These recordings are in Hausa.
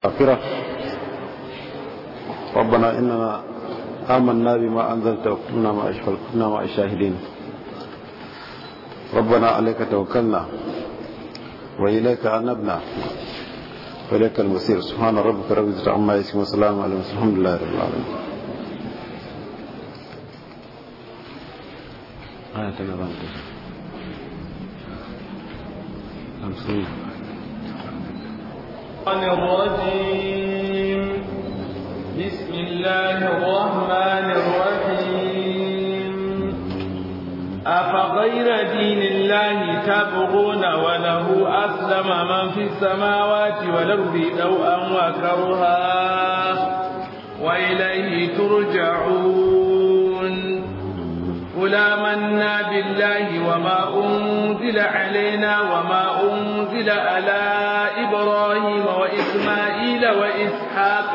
آخرة ربنا إننا آمنا بما أنزلت وكنا مع كنا مع الشاهدين ربنا عليك توكلنا وإليك أنبنا وإليك المصير سبحان ربك رب العزة عما يصفون وسلام على المرسلين الحمد لله رب العالمين آية النظام 50 الشيطان الرجيم بسم الله الرحمن الرحيم أفغير دين الله تبغون وله أسلم من في السماوات والأرض طوعا وكرها وإليه ترجعون قل آمنا بالله وما أنزل علينا وما أنزل على إبراهيم وإسماعيل وإسحاق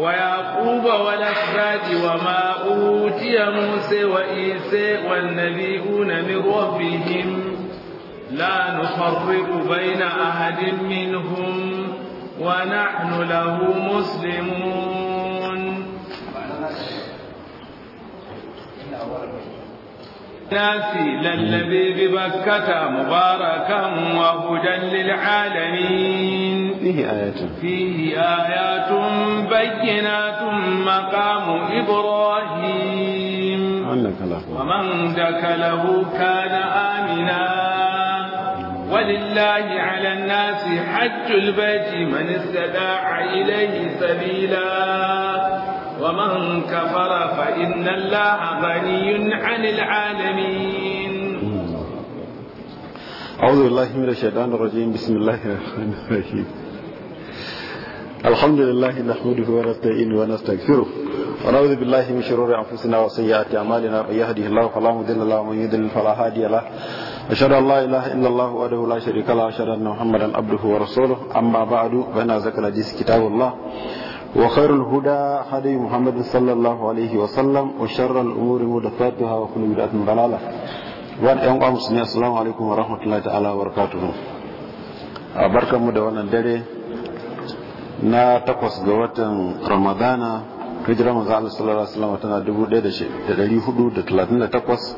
ويعقوب والأسباط وما أوتي موسى وإيسى والنبيون من ربهم لا نفرق بين أحد منهم ونحن له مسلمون nasi lallabe bi bakkata mubarakan wa hudan lil alamin fihi ayatun fihi ayatun bayyinatun maqamu ibrahim ومن دكله كان آمنا ولله على الناس حج البيت من استداع إليه سبيلا ومن كفر فإن الله غني عن العالمين أعوذ بالله من الشيطان الرجيم بسم الله الرحمن الرحيم الحمد لله نحمده ونستعينه ونستغفره ونعوذ بالله من شرور انفسنا وسيئات اعمالنا من يهده الله فلا مضل له ومن يضلل فلا هادي له أشهد أن لا إله إلا الله وحده لا شريك له أشهد أن محمدا عبده ورسوله أما بعد فإن أزكى الحديث كتاب الله وخير الهدى هدي محمد صلى الله عليه وسلم وشر الأمور محدثاتها وكل بدعة ضلالة وان ان امسني السلام عليكم ورحمة الله تعالى وبركاته barkan mu da wannan dare na takwas ga watan ramadana hijira manzo Allah sallallahu alaihi wasallam tana 1438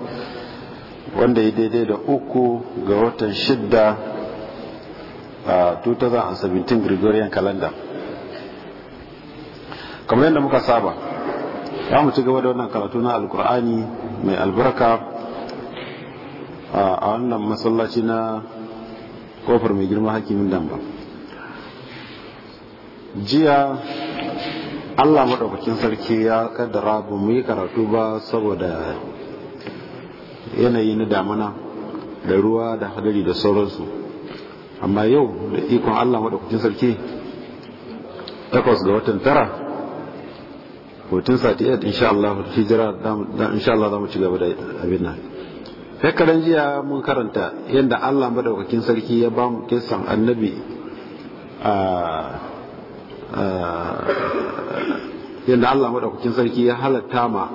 wanda ya daidai da uku ga watan shidda a 2017 Gregorian calendar kamar yadda muka saba ya mutu gaba da wannan karatu na alkur'ani mai albarka a wannan masallaci na kofar mai girma hakimin damba jiya allah maɗaukakin sarki ya kaddara ba mu yi karatu ba saboda yanayi na damana da ruwa da hadari da sauransu amma yau da ikon allah maɗaukakin sarki takwas ga watan tara hutun sati yadda insha Allah hijira da insha Allah za mu ci gaba da abin nan jiya mun karanta yadda Allah madaukakin sarki ya ba mu kisan annabi a yadda Allah madaukakin sarki ya halatta ma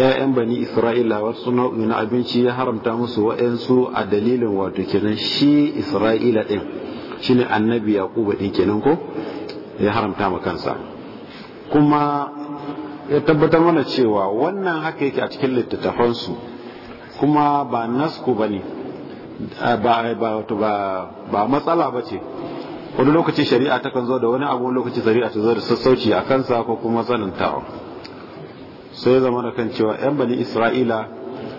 ‘ya'yan bani Isra'ila wasu nau'i na abinci ya haramta musu wa'yansu a dalilin wato kenan shi Isra'ila ɗin shine annabi yakubu ɗin kenan ko ya haramta ma kansa kuma ya tabbatar mana cewa wannan haka yake a cikin littattafansu kuma ba nasku ba ne ba matsala ba ce wani lokaci shari'a ta kan zo da wani abu wani lokaci shari'a ta zo da sassauci a kansa ko kuma tsanantawa sai zama da kan cewa 'yan bani isra'ila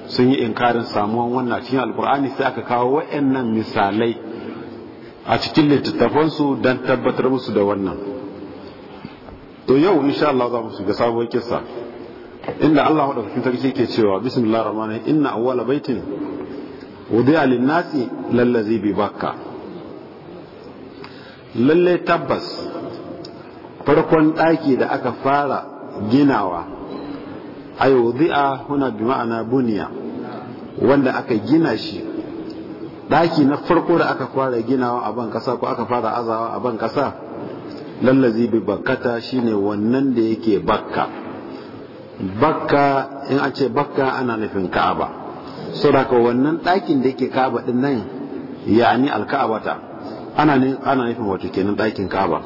sun yi inkarin samuwan wannan cikin alkur'ani sai aka kawo waɗannan misalai a cikin littattafansu don tabbatar musu da wannan to yau insha Allah za mu shiga sabuwar kissa inda Allah wa dauki tarihi ke cewa bismillahir rahmanir rahim inna awwala baitin wudi'a lin-nasi lallazi bi bakka lalle tabbas farkon daki da aka fara ginawa ay wudi'a huna bi ma'ana buniya wanda aka gina shi daki na farko da aka fara ginawa a ban kasa ko aka fara azawa a ban kasa lallazi bi bakkata shine wannan da yake bakka bakka in a ce bakka ana nufin ka'aba saboda wannan ɗakin da yake ka'aba din nan yani alka'abata ana ana nufin wato kenan ɗakin ka'aba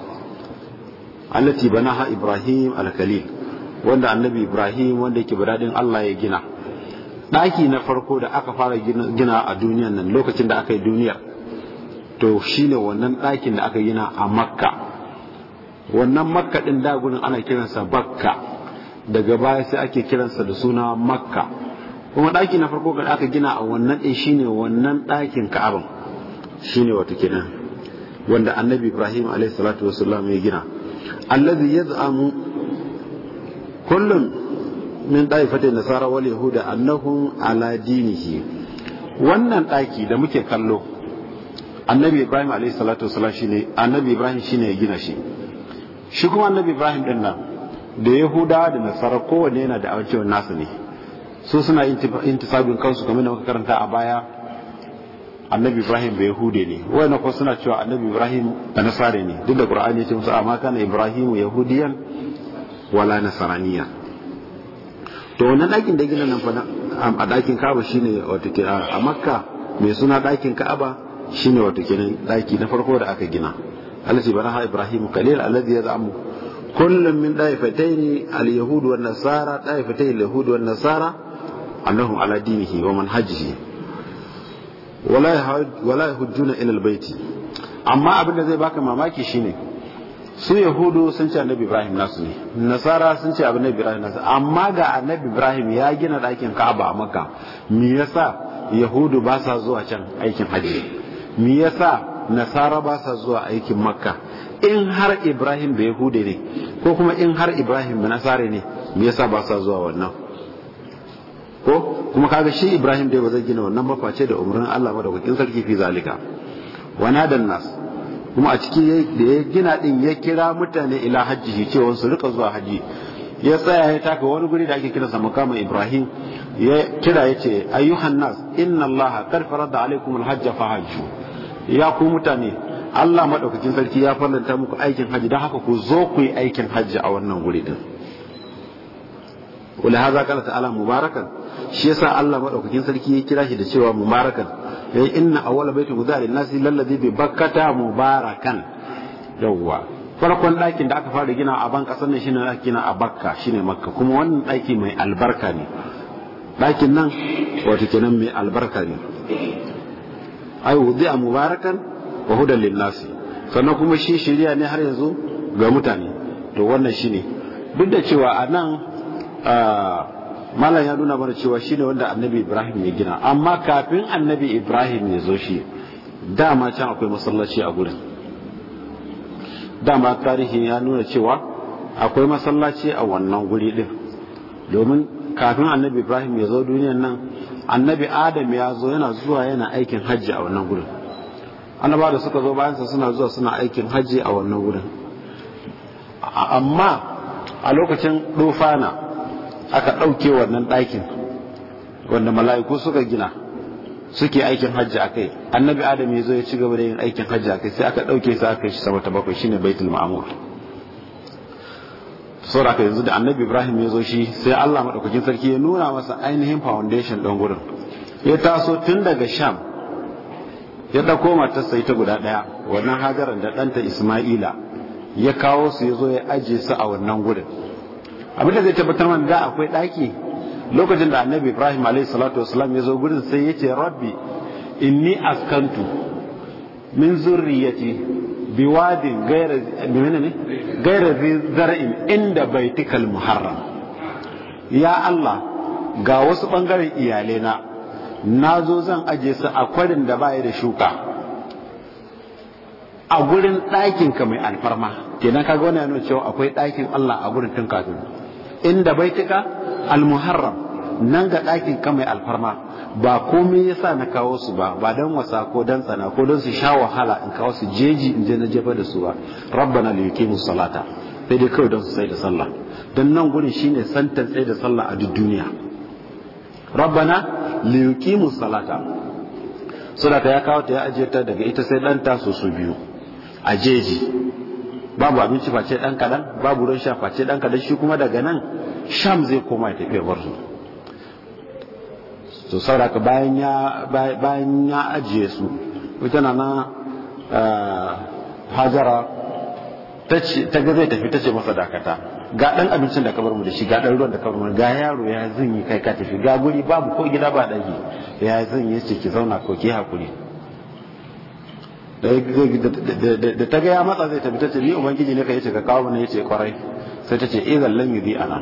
allati banaha ibrahim alkalil wanda annabi ibrahim wanda yake bidadin Allah ya gina ɗaki na farko da aka fara gina a duniyan nan lokacin da aka yi duniyar to shine wannan ɗakin da aka gina a makka wannan makka din da ana kiransa bakka daga baya sai ake kiransa da suna makka kuma ɗaki na farko da aka gina a wannan ɗin shine wannan ɗakin ka'aban shine wato kenan wanda annabi ibrahim alaihi salatu wasallam ya gina allazi yaz'amu kullum min daifatin nasara wal yahuda annahum ala dinihi wannan ɗaki da muke kallo annabi ibrahim alaihi salatu wasallam shine annabi ibrahim shine ya gina shi shi kuma annabi ibrahim din nan da yahuda da nasara kowane yana da cewa nasu ne su suna intisabin kansu game da muka a baya annabi ibrahim bai yahude ne na kuma suna cewa annabi ibrahim da nasara ne duk da ƙura'ani ya ce musu amma kana ibrahim yahudiyan wala nasaraniya to wannan dakin da gina nan fa a dakin kaba ne wata ke a makka mai suna dakin ka'aba ne wata kenan daki na farko da aka gina التي بناها إبراهيم قليل الذي يدعمه كل من طائفتين اليهود والنصارى طائفتين اليهود والنصارى أنهم على دينه ومنهجه ولا يهجون إلى البيت amma abin da zai baka mamaki shine su yahudu sun ce annabi ibrahim nasu ne nasara sun ce annabi ibrahim nasu amma ga annabi ibrahim ya gina ɗakin ka'aba a makka me yasa yahudu ba zuwa can aikin hajji me yasa nasara ba sa zuwa aikin makka in har ibrahim bai hude ne ko kuma in har ibrahim bai nasare ne me yasa ba sa zuwa wannan ko kuma kaga shi ibrahim dai ba zai gina wannan maface da umarnin allah da kwakin sarki fi zalika Wana da nas kuma a cikin da ya gina din ya kira mutane ila hajji shi ce su rika zuwa Hajji. ya tsaya ya taka wani guri da ake kiransa makamin ibrahim ya kira ya ce ayyuhan nas inna allaha qad farada alaikum alhajja fahajju ya ku mutane Allah madaukakin sarki ya farlanta muku aikin haji don haka ku zo ku yi aikin haji a wannan wuri din wala haza kana ta'ala mubarakan shi yasa Allah madaukakin sarki ya kira shi da cewa mubarakan yayin inna awwala baiti guda lin nasi lalladhi bi bakkata mubarakan yawwa farkon ɗakin da aka fara gina a ban ƙasar nan shine ɗaki na a bakka shine makka kuma wannan ɗaki mai albarka ne ɗakin nan wato kenan mai albarka ne ai a mubarakan wa hudan linnasi sannan kuma shi shirya ne har yanzu ga mutane to wannan shine duk da cewa a nan malam ya nuna mana cewa shine wanda annabi ibrahim ya gina amma kafin annabi ibrahim ya zo shi dama can akwai masallaci a gurin dama tarihi ya nuna cewa akwai masallaci a wannan guri din domin kafin annabi ibrahim ya zo duniyan nan annabi adam ya zo yana zuwa yana aikin hajji a wannan gudun annabawa da suka zo bayansa suna zuwa suna aikin hajji a wannan gudun amma a lokacin dofana aka ɗauke wannan ɗakin wanda mala'iku suka gina suke aikin hajji a kai annabi adam ya zo ya ci gaba da yin aikin hajji a kai sai aka ɗauke sa aka yi shi sama ta bakwai shine baitul ma'amur saboda yanzu da annabi ibrahim ya zo shi sai allah maɗaukakin sarki ya nuna masa ainihin foundation ɗan gudun. ya taso tun daga sham ya ɗauko matarsa ita guda ɗaya wannan hagaran da ɗanta isma'ila ya kawo su ya zo ya ajiye su a wannan gurin da zai tabbatar mana da akwai ɗaki lokacin da annabi ibrahim alayhi salatu wasalam ya zo gurin sai ya ce rabbi inni askantu min zurriyati biwadin gaira zara'in inda baitikal muharram ya Allah ga wasu ɓangaren iyalai na zo zan aje su a kwarin da bayi da shuka a gurin ɗakinka mai alfarma kenan kaga wani yano cewa akwai ɗakin Allah a gurin tun kafin inda baitika al-muharram nan ga ɗakin ka mai alfarma ba komai ya sa na kawo su ba ba don wasa ko don tsana ko don su sha wahala in kawo su jeji in je na jefa da su ba rabbana na yuqimu musalata. sai dai kawai don su sai da sallah don nan gurin shine santan sai da sallah a duk duniya rabbana li yuqimu salata sadaka ya kawo ta ya ajiye ta daga ita sai ɗan taso su biyu a jeji babu abinci face ɗan kaɗan babu ruwan sha face ɗan kaɗan shi kuma daga nan sham zai koma ya tafi bar to sauraka bayan ya bayan ya ajiye su wata na na hajara ta gaza zai tafi ta ce masa dakata ga ɗan abincin da ka bar mu da shi ga ɗan ruwan da ka bar mu ga yaro ya zan yi kai ka tafi ga guri babu ko gida ba ɗaki ya zan yi ce ki zauna ko ki hakuri da ta gaya matsa zai tafi ta ce ni ubangiji ne ka yace ka kawo ne yace kwarai sai ta ce idan eh, lam yudi ana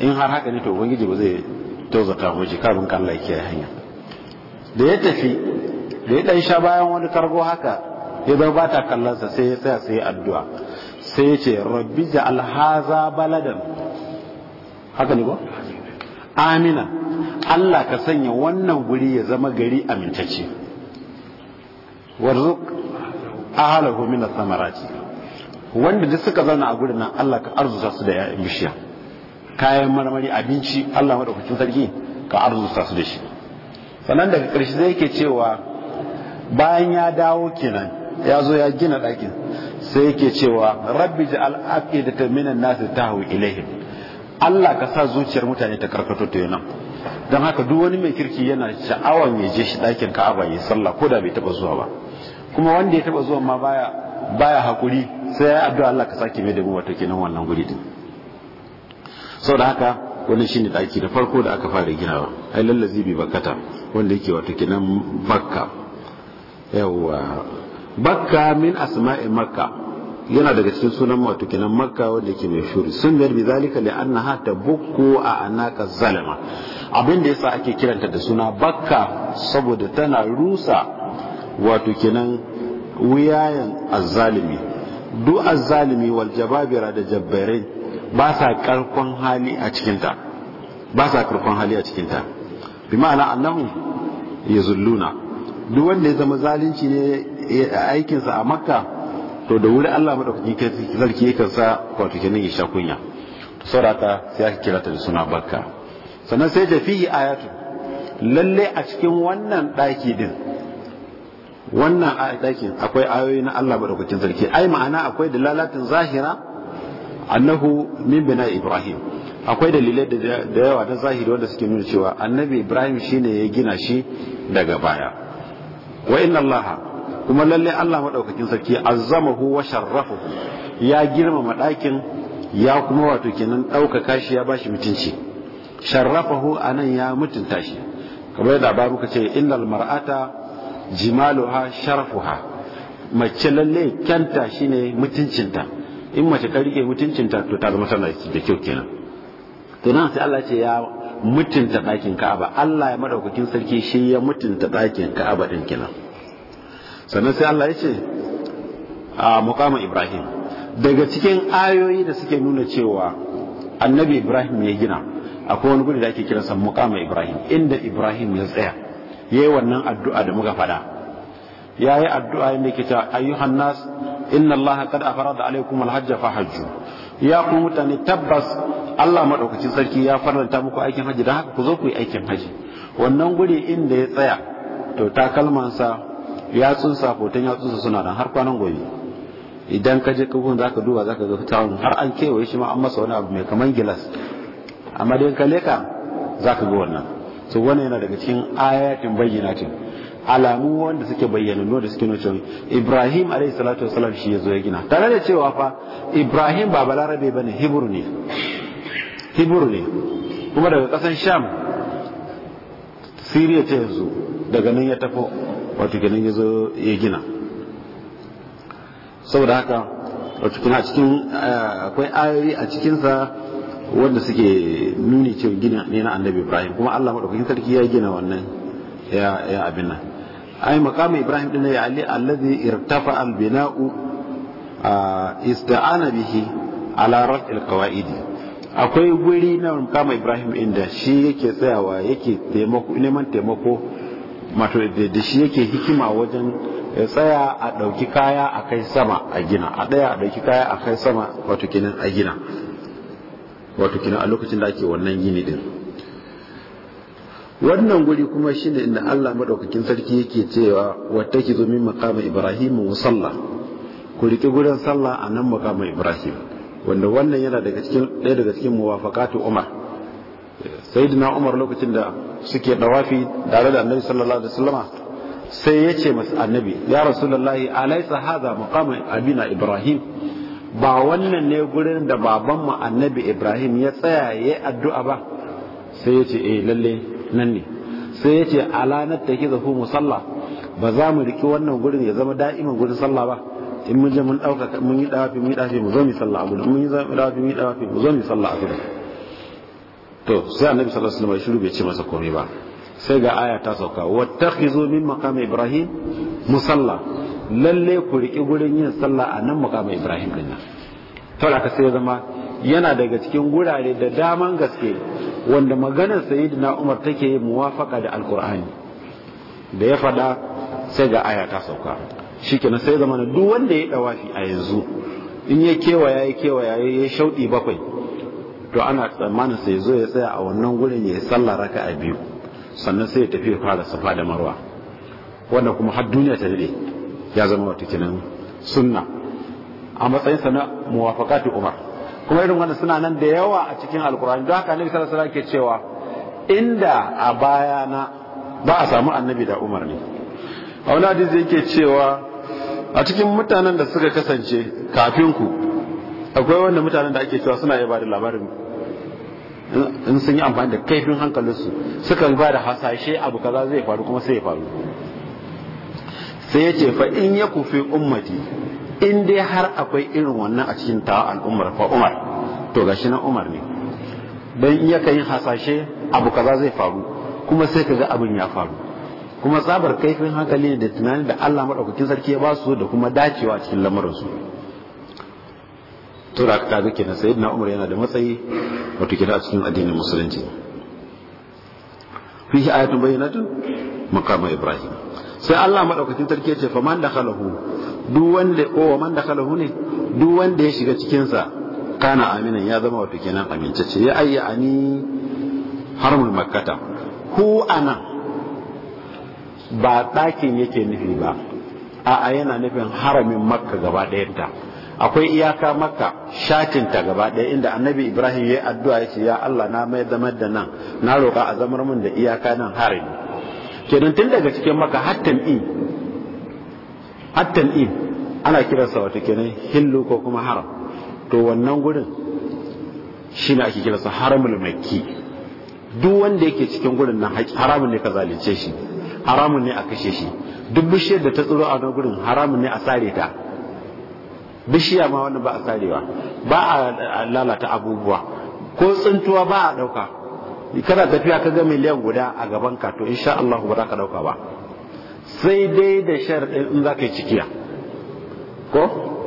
in har haka ne to ubangiji ba zai ta goji kafin ka Allah yake hanya da ya tafi da ya dan sha bayan wani kargo haka ya zama ba ta sa sai ya tsaya sai addu'a sai ya ce rabbi ja'al haza baladan haka ne ko amina Allah ka sanya wannan guri ya zama gari amintacce warzuq ahlahu min athamarati wanda duk suka zauna a gurin nan Allah ka arzuta su da 'ya'yan bishiya kayan marmari abinci Allah madaukakin sarki ka arzuta su da shi sannan daga ƙarshe zai ke cewa bayan ya dawo kenan ya zo ya gina ɗakin sai yake cewa rabbi ji al'aƙi da ta minan nasu ta hau ilaihim Allah ka sa zuciyar mutane ta karkato ta yana don haka duk wani mai kirki yana sha'awan ya je shi ɗakin ka'aba ya sallah ko da bai taɓa zuwa ba kuma wanda ya taɓa zuwa ma baya baya haƙuri sai ya addu'a Allah ka sake mai da mu wata kenan wannan guri din sau da haka wannan shine daki da farko da aka fara ginawa ai lallazi bi bakata wanda yake wata kinan bakka yawa bakka min asma'i makka yana daga cikin sunan wato kinan makka wanda yake mai shuri sun bar bi zalika li annaha bukku a anaka zalama abin da yasa ake kiranta da suna bakka saboda tana rusa wato kinan wuyayen azzalimi duk azzalimi wal jababira da jabbarai ba sa karkon hali a cikinta ba sa karkon hali a cikinta bi ma'ana ya zulluna. duk wanda ya zama zalunci ne aikinsa a makka to da wuri Allah madaukakin sarki yakan sa wato kenan ya sha kunya saurata sai aka kira ta da suna bakka sannan sai da fi ayatu lalle a cikin wannan daki din wannan dakin akwai ayoyi na Allah madaukakin sarki ai ma'ana akwai da dalalatin zahira annahu min bina ibrahim akwai dalilai da yawa na zahiri wanda suke nuna cewa annabi ibrahim shine ya gina shi daga baya wa inna allah kuma lalle allah madaukakin sarki azzamahu wa sharrafahu ya girmama ɗakin ya kuma wato kenan ɗaukaka shi ya bashi mutunci sharrafahu anan ya mutunta shi kamar yadda babu kace ce innal mar'ata jimaluha sharafuha mace lalle kyanta shine mutuncinta in mace ta rike mutuncinta to ta zama tana da kyau kenan to nan sai Allah ce ya mutunta ɗakin Ka'aba Allah ya madaukakin sarki shi ya mutunta ɗakin Ka'aba din kenan sannan sai Allah ya ce a muqama Ibrahim daga cikin ayoyi da suke nuna cewa annabi Ibrahim ya gina akwai wani guri da ake kira kiransa muqama Ibrahim inda Ibrahim ya tsaya yayi wannan addu'a da muka faɗa yayi addu'a inda yake ta ayyuhan nas inna Allah qad afarada alaikum alhajj fahajju ya ku mutane tabbas Allah madaukakin sarki ya faranta muku aikin haji da haka ku zo ku yi aikin haji wannan guri inda ya tsaya to takalmansa yatsunsa hoton yatsunsa suna nan har kwanan gobe idan ka je kagun zaka duba zaka ga fitawan har an kewaye shi ma an masa wani abu mai kaman gilas amma dai ka leka zaka ga wannan so wannan yana daga cikin ayatin bayyinatin alamu wanda suke bayyana da suke nuna Ibrahim alayhi salatu wasalam shi yazo ya gina tare da cewa fa Ibrahim ba balarabe bane Hibru ne Hibru ne kuma daga kasan Sham Syria ta yanzu daga nan ya tafi wato kenan yazo ya gina saboda haka wato kuma cikin eh, akwai ayoyi a cikin sa wanda suke nuni cewa gina ne na Annabi Ibrahim kuma Allah madaukakin sarki ya gina wannan ya abin nan ai maqam ibrahim din ya ali alladhi irtafa al bina'u ista'ana bihi ala raf'il qawaid akwai guri na maqam ibrahim inda shi yake tsayawa yake taimako neman taimako mato da shi yake hikima wajen ya tsaya a ɗauki kaya a kai sama a gina a ɗaya a ɗauki kaya a kai sama wato kinan a gina wato kinan a lokacin da ake wannan gini din wannan guri kuma shine inda Allah madaukakin sarki yake cewa zo min makama ibrahim musalla ku riki gurin sallah a nan makama ibrahim wanda wannan yana daga cikin ɗaya daga cikin muwafaqatu umar sayyidina umar lokacin da suke dawafi tare da annabi sallallahu alaihi wasallama sai ya ce masa annabi ya rasulullahi alaysa hadha maqamu abina ibrahim ba wannan ne gurin da babanmu annabi ibrahim ya tsaya yayi addu'a ba sai ya ce eh lalle nan ne sai ya ce alanar ta zafi hu musalla ba za mu riki wannan gurin ya zama da'iman gurin sallah ba in mun je mun dauka mun yi dawafi mun yi dawafi mu zo mu sallah a gurin mun yi dawafi mun yi dawafi mu zo mu sallah a gurin to sai annabi sallallahu alaihi wasallam shiru bai ce masa komai ba sai ga aya ta sauka wattakhizu min maqami ibrahim musalla lalle ku riki gurin yin sallah a nan maqami ibrahim din nan to da ka sai zama yana daga cikin gurare da daman gaske wanda maganar na umar take muwafaka da alkur'ani da ya faɗa sai ga aya ta sauka shi shikenan sai zama na duk wanda ya ɗawafi a yanzu in ya kewaya ya kewaya ya yi shauɗi bakwai to ana tsammanin sai zo ya tsaya a wannan gurin ya sallah raka a biyu sannan sai ya tafi ya fara safa da marwa wanda kuma har duniya ta daɗe ya zama wata kinan sunna a matsayinsa na muwafaqati umar kuma irin wanda suna nan da yawa a cikin alkur'ani don haka annabi sallallahu alaihi ke cewa inda a baya na ba a samu annabi da umar ne a wani hadisi yake cewa a cikin mutanen da suka kasance kafin ku akwai wanda mutanen da ake cewa suna yaba da labarin in sun yi amfani da kaifin hankalinsu sukan ba da hasashe abu kaza zai faru kuma sai ya faru sai ya ce fa in ya kufi ummati in dai har akwai irin wannan a cikin ta al'ummar fa umar to gashi nan umar ne dan iya kai yi hasashe abu kaza zai faru kuma sai kaga abin ya faru kuma tsabar kaifin hankali da tunani da Allah madaukakin sarki ya ba su da kuma dacewa cikin lamarin su to da ka ga kenan sayyidina umar yana da matsayi wato kenan a cikin addinin musulunci fihi ayatun bayyinatun maqama ibrahim sai Allah madaukakin sarki ya ce fa man dakhalahu duk wanda o oh, man dakhalahu ne duk wanda ya shiga cikin sa kana aminan ya zama wato kenan ce ya ayya ani harmul makkata hu ana ba dakin yake nufi ba a'a yana nufin haramin makka gaba ɗayanta akwai iyaka makka shatinta gaba ɗaya inda annabi ibrahim ya yi addu'a ya ce ya allah na mai zama da nan na roƙa a zamar mun da iyaka nan harami kenan tun daga cikin maka hattan in hattan in ana kiransa wata kenan hillu ko kuma haram to wannan gurin shi ne ake kiransa haramul makki duk wanda yake cikin gurin nan haramun ne ka zalunce shi haramun ne a kashe shi duk bishiyar da ta tsiro a wannan gurin haramun ne a sare ta bishiya ma wannan ba a sarewa ba a lalata abubuwa ko tsintuwa ba a ɗauka kana tafiya ka ga miliyan guda a gaban ka to insha Allah ba za ka dauka ba sai dai da din in za yi cikiya ko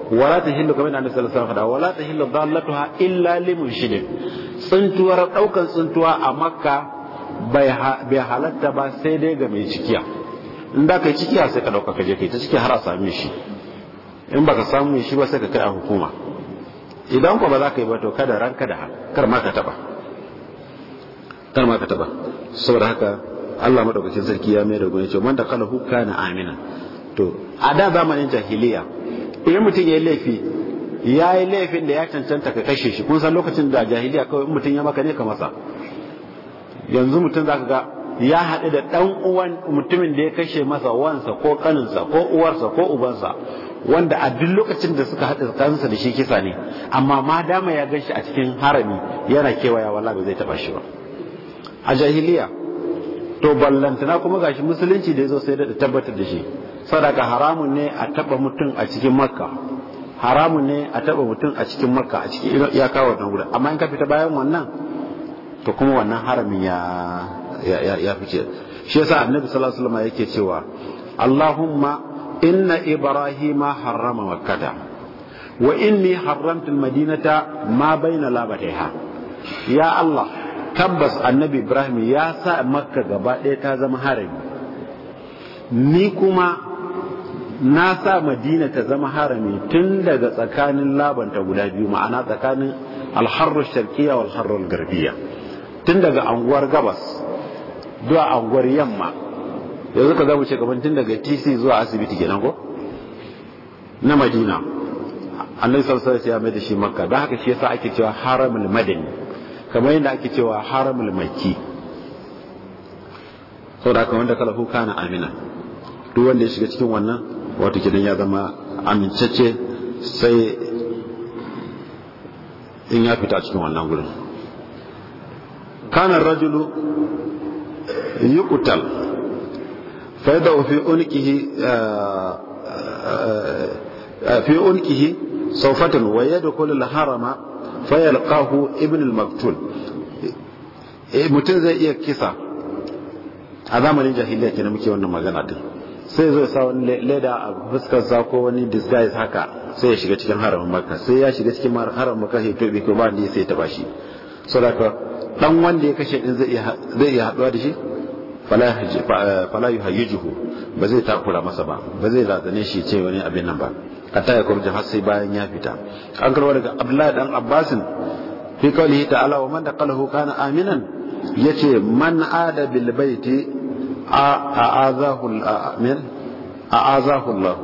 wala ta hillu kamar annabi sallallahu alaihi wasallam wala ta hillu dallatuha illa limushdin tsuntuwar daukan tsuntuwa a makka bai halatta ba sai dai ga mai cikiya in da ka yi cikiya sai ka dauka ka je kai ta ciki har a sami shi in baka samu shi ba sai ka kai a hukuma idan ko ba za ka yi ba to kada ranka da kar ma ka taba kar ma ka taba saboda haka Allah madaukakin sarki ya mai da gwani ce man da hukka na amina to a da zamanin jahiliya idan mutum ya laifi ya yi laifin da ya cancanta ka kashe shi kun san lokacin da jahiliya kawai mutum ya maka ne ka masa yanzu mutum zaka ga ya haɗu da ɗan uwan mutumin da ya kashe masa wansa ko ƙaninsa ko uwarsa ko ubansa wanda a duk lokacin da suka haɗu tsakaninsa da shi kisa ne amma ma dama ya gan shi a cikin harami yana kewaya wala ba zai taɓa shi ba a jahiliya to ballantana kuma gashi musulunci da yazo sai da tabbatar da shi sadaka haramun ne a taba mutum a cikin makka haramun ne a taba mutum a cikin makka a cikin iyaka wannan wurin amma in ka fita bayan wannan to kuma wannan haramin ya ya fice shi yasa annabi sallallahu alaihi wasallam yake cewa Allahumma inna ibrahima harrama makkata wa inni haramtu almadinata ma baina labataiha ya Allah tabbas annabi ibrahim ya sa makka gaba ɗaya ta zama harami ni kuma na sa madina ta zama harami tun daga tsakanin labanta guda biyu ma'ana tsakanin alharrar sharkiya wal harrar garbiya tun daga anguwar gabas zuwa anguwar yamma yanzu ka zamu ce gaban tun daga tc zuwa asibiti kenan ko na madina annabi sallallahu alaihi wasallam ya mai da shi makka don haka shi yasa ake cewa haramul madani kamar yadda ake cewa haramul makki da aka wanda kalafu kana amina duk wanda ya shiga cikin wannan wato gidan ya zama amincacce sai in ya fita cikin wannan gudun kana rajulu yi fa faida fi unkihi eh, eh, eh, fi unkihi waye da yadkhulu al-harama fayalqahu ibn al-maktul eh, mutum zai iya kisa a zamanin jahiliya kenan muke wannan magana din sai zai sa wani leda a fuskarsa ko wani disguise haka sai ya shiga cikin haramin maka sai ya shiga cikin haramin maka sai tobe ko ba ni sai ta bashi saboda dan wanda ya kashe din zai zai iya haduwa da shi fala yuhayyijuhu ba zai takura masa ba ba zai razane shi ce wani abin nan ba hatta ya kurji har sai bayan ya fita an karwa daga abdullahi dan abbasin fi qawlihi ta'ala wa man daqalahu kana aminan yace man ada bil baiti a a'azahu al-amin a'azahu Allah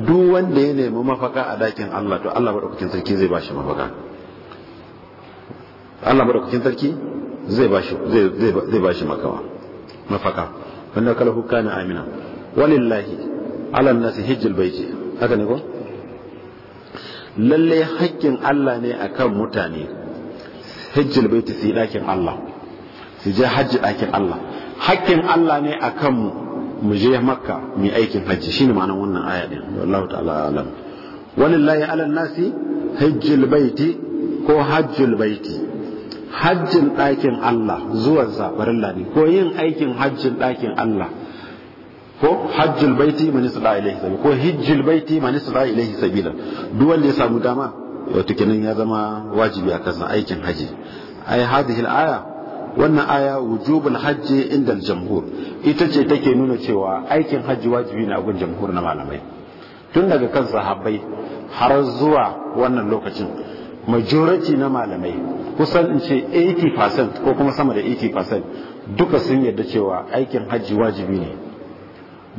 duk wanda ya nemi mafaka a dakin Allah to Allah madaukakin sarki zai bashi mafaka Allah madaukakin sarki zai bashi zai zai bashi makawa mafaka wanda kalahu kana amina walillahi ala nasi hijjal baiti haka ne ko lalle haƙƙin Allah ne akan mutane hajjil baiti ɗakin Allah su je hajji ɗakin Allah haƙƙin Allah ne akan mu mu je makka mu aikin hajji shine ma'anar wannan aya din wallahu ta'ala alam walillahi ala nasi hajjil baiti ko hajjul baiti hajjin ɗakin Allah zuwan safarin ne ko yin aikin hajjin ɗakin Allah ko hajjul baiti man yasda ilayhi sabila ko hijjul baiti man yasda ilayhi sabila duk wanda ya samu dama wato kenan ya zama wajibi a kansa aikin haji ai hadhihi al-aya wannan aya wujubul hajji inda jamhur ita ce take nuna cewa aikin haji wajibi ne a gun jamhur na malamai tun daga kan sahabbai har zuwa wannan lokacin majority na malamai kusan in ce 80% ko kuma sama da 80% duka sun yarda cewa aikin haji wajibi ne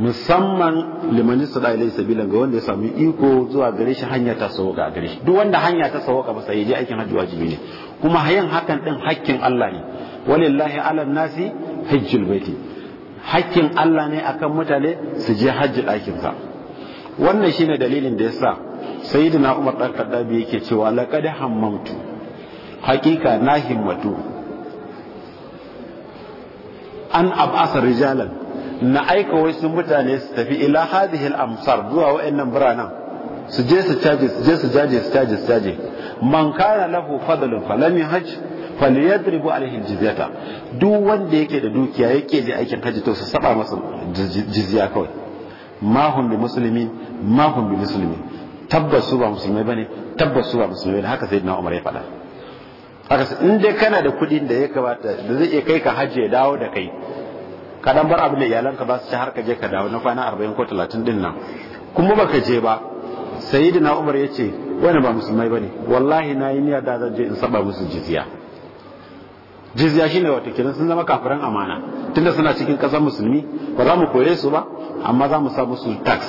musamman limanista da ilai sabila ga wanda ya samu iko zuwa gare shi hanya ta ga gare shi duk wanda hanya ta sawo ba sai yaje aikin hajji wajibi ne kuma hayan hakan din hakkin Allah ne walillahi ala nasi hajjul baiti hakkin Allah ne akan mutane su je hajji dakin sa wannan shine dalilin da yasa sayyidina Umar dan Kaddabi yake cewa laqad hammamtu hakika na himmatu an ab'asa rijalan na aika wasu mutane su tafi ila hadhihi al-amsar zuwa wayannan biranen su je su caje su je su jaje su caje su caje man kana lahu fadlun falam yahj falyadribu al jizyata duk wanda yake da dukiya yake da aikin haji to su saba masa jizya kawai ma hum bi muslimin ma hum bi muslimin tabbas su ba musulmai bane tabbas su ba musulmai bane haka sayyidina Umar ya faɗa haka in dai kana da kuɗin da ya kamata da zai iya kai ka hajji ya dawo da kai Kadan bar abin da iyalanka ba su ci har ka je ka dawo na kwana arba'in ko talatin din nan kuma baka je ba sayyidina umar ya ce wani ba musulmai ba ne wallahi na yi niyya da zan je in saba musu jizya jizya shine wato kiran sun zama kafiran amana tunda suna cikin kasar musulmi ba za mu koye su ba amma za mu sa musu tax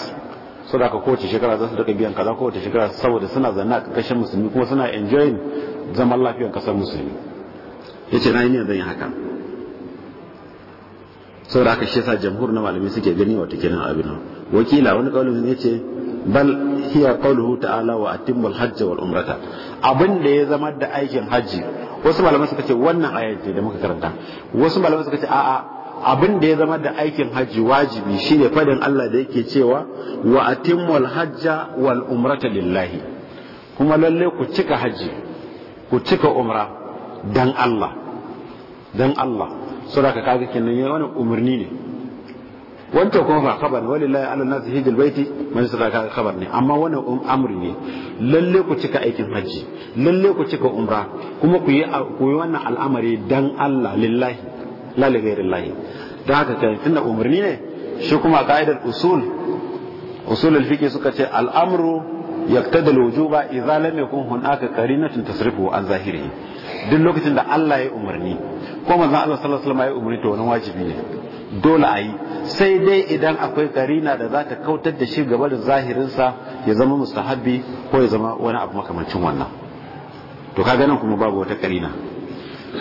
so da ka kowace shekara za su daga biyan kaza kowace shekara saboda suna zanna a kashin musulmi kuma suna enjoying zaman lafiyar kasar musulmi yace na yi zan yi hakan saboda haka shi yasa jamhur na malami suke gani wata kiran abin wakila wani kaulu ne ce bal hiya qawluhu ta'ala wa atimmul hajj wal umrata abin da ya zama da aikin hajji wasu malaman suka ce wannan ayat ce da muka karanta wasu malaman suka ce a'a abin da ya zama da aikin hajji wajibi shine fadin Allah da yake cewa wa atimmul hajja wal umrata lillahi kuma lalle ku cika hajji ku cika umra dan Allah dan Allah saboda kaga kenan yayi wani umarni ne wanda kuma ba khabar walillahi ala nasi hijjal baiti man sada ka khabar ne amma wani um, amri ne lalle ku cika aikin haji lalle ku cika umra kuma ku yi ku yi wannan al'amari dan Allah lillahi la li ghairillahi dan haka kai tunda umarni ne shi kuma ka'idar usul usul al-fiqh suka ce al-amru yaqtadil wujuba idza lam yakun hunaka qarinatun tasrifu an zahiri. duk lokacin da Allah ya umarni ko manzon Allah sallallahu alaihi wasallam ya umarni to wannan wajibi ne dole a yi sai dai idan akwai karina da za ta kautar da shi gaba da zahirin sa ya zama mustahabbi ko ya zama wani abu makamancin wannan to kaga nan kuma babu wata karina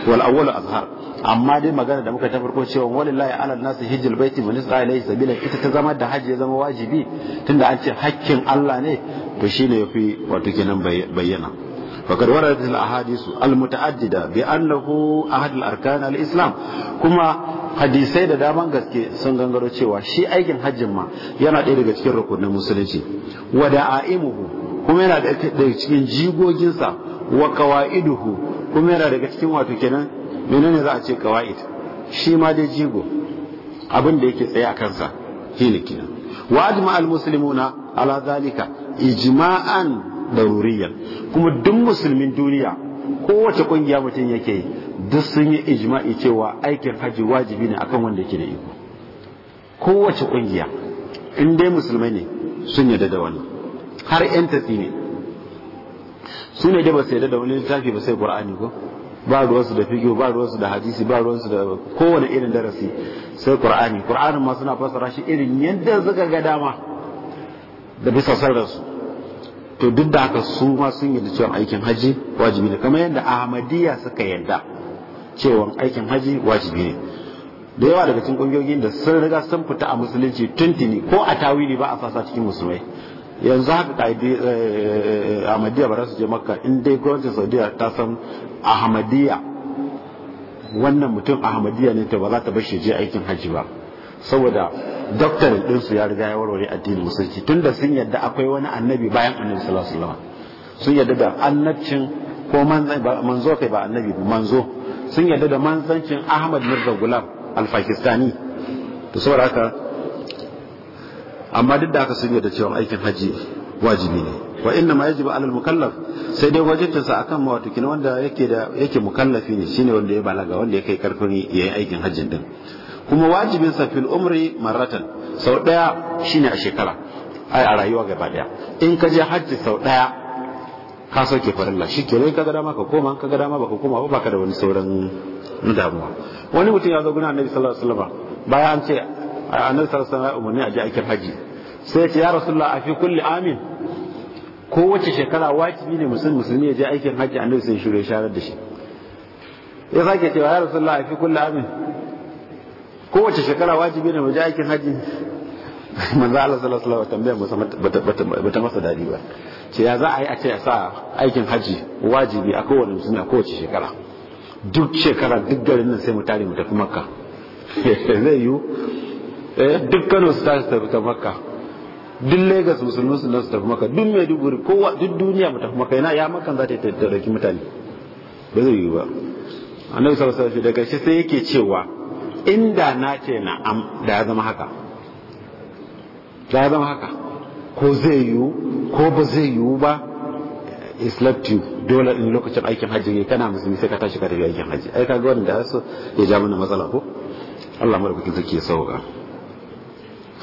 wal awwal azhar amma dai magana da muka ta farko cewa walillahi ala nasi hijjul baiti man isra ilayhi sabila ita ta zama da haji ya zama wajibi tunda an ce hakkin Allah ne to shine yafi wato kenan bayyana فقد وردت الأحاديث المتعددة بأنه أحد الأركان الإسلام kuma hadisai da daman gaske sun gangaro cewa shi aikin hajjin ma yana ɗaya daga cikin rukunin musulunci wa da'aimuhu kuma yana daga cikin jigoginsa wa qawaiduhu kuma yana daga cikin wato kenan menene za a ce qawaid shi ma dai jigo abinda da yake tsaye a kansa shine kenan wa ajma al muslimuna ala daruriya kuma duk musulmin duniya kowace kungiya mutum yake duk sun yi ijma'i cewa aikin haji wajibi ne akan wanda yake da iko kowace kungiya in musulmai ne sun yarda da wani har yan tafi ne su ne da ba su da wani littafi ba sai qur'ani ko ba ruwansu da fiqh ba ruwansu da hadisi ba ruwansu da kowane irin darasi sai qur'ani qur'anin ma suna fasara shi irin yadda suka ga dama da bisa sarrafa to duk da haka su ma sun da cewa aikin haji wajibi ne kamar yadda ahmadiyya suka yarda cewa aikin haji wajibi ne da yawa daga cikin kungiyoyin da sun riga sun fita a musulunci tuntuni ko a tawili ba a sasa cikin musulmai yanzu haka kaidi eh, eh, eh, ahmadiyya ba za su je makka in dai gwamnatin saudiya ta san ahmadiyya wannan mutum ahmadiyya ne ta ba za ta bashi je aikin haji ba saboda doktor ɗinsu ya riga ya warware addinin musulunci tunda sun yadda akwai wani annabi bayan annabi sallallahu alaihi wasallam sun yadda da annabcin ko manzo kai ba annabi ba manzo sun yadda da manzancin Ahmad Mirza Gulam al-Pakistani to saboda haka amma duk da haka sun yadda cewa aikin haji wajibi ne wa inna ma yajibu alal mukallaf sai dai wajibta sa akan kina wanda yake da yake mukallafi ne shine wanda ya balaga wanda ya kai karfin yayin aikin hajjin din kuma wajibin sa fil umri marratan sau daya shine a shekara ai a rayuwa gaba daya in ka je hajji sau daya ka sauke farilla shi ke ka ga dama ka koma ka ga dama baka koma ba baka da wani sauran damuwa wani mutum ya zo guna annabi sallallahu alaihi wasallam bayan an ce annabi sallallahu alaihi wasallam umarni a je aikin hajji sai ya ce ya rasulullah a fi kulli amin kowace shekara wajibi ne musulmi musulmi ya je aikin hajji annabi sai ya sharar da shi ya sake cewa ya rasulullah a fi kulli amin kowace shekara wajibi ne mu je aikin haji manzo Allah sallallahu alaihi wasallam tambayar musa bata masa dadi ba ce ya za a yi a ce a sa aikin haji wajibi a kowane musulmi a kowace shekara duk shekara duk garin nan sai mu tare mu tafi makka zai yiwu eh, duk kano su tashi tafi ta makka duk lagos musulmi su nan su tafi makka duk maiduguri kowa duk duniya mu tafi makka yana ya makan za ta tattara mutane ba zai yiwu ba annabi sallallahu alaihi wasallam daga shi sai yake cewa inda na ce na'am da ya zama haka da ya zama haka ko zai yiwu ko ba zai yiwu ba is left you dole in lokacin aikin hajji ne kana musulmi sai ka tashi ka tafi aikin hajji ai kaga wanda ya so ya ja mana matsala ko Allah mu da kuke sauka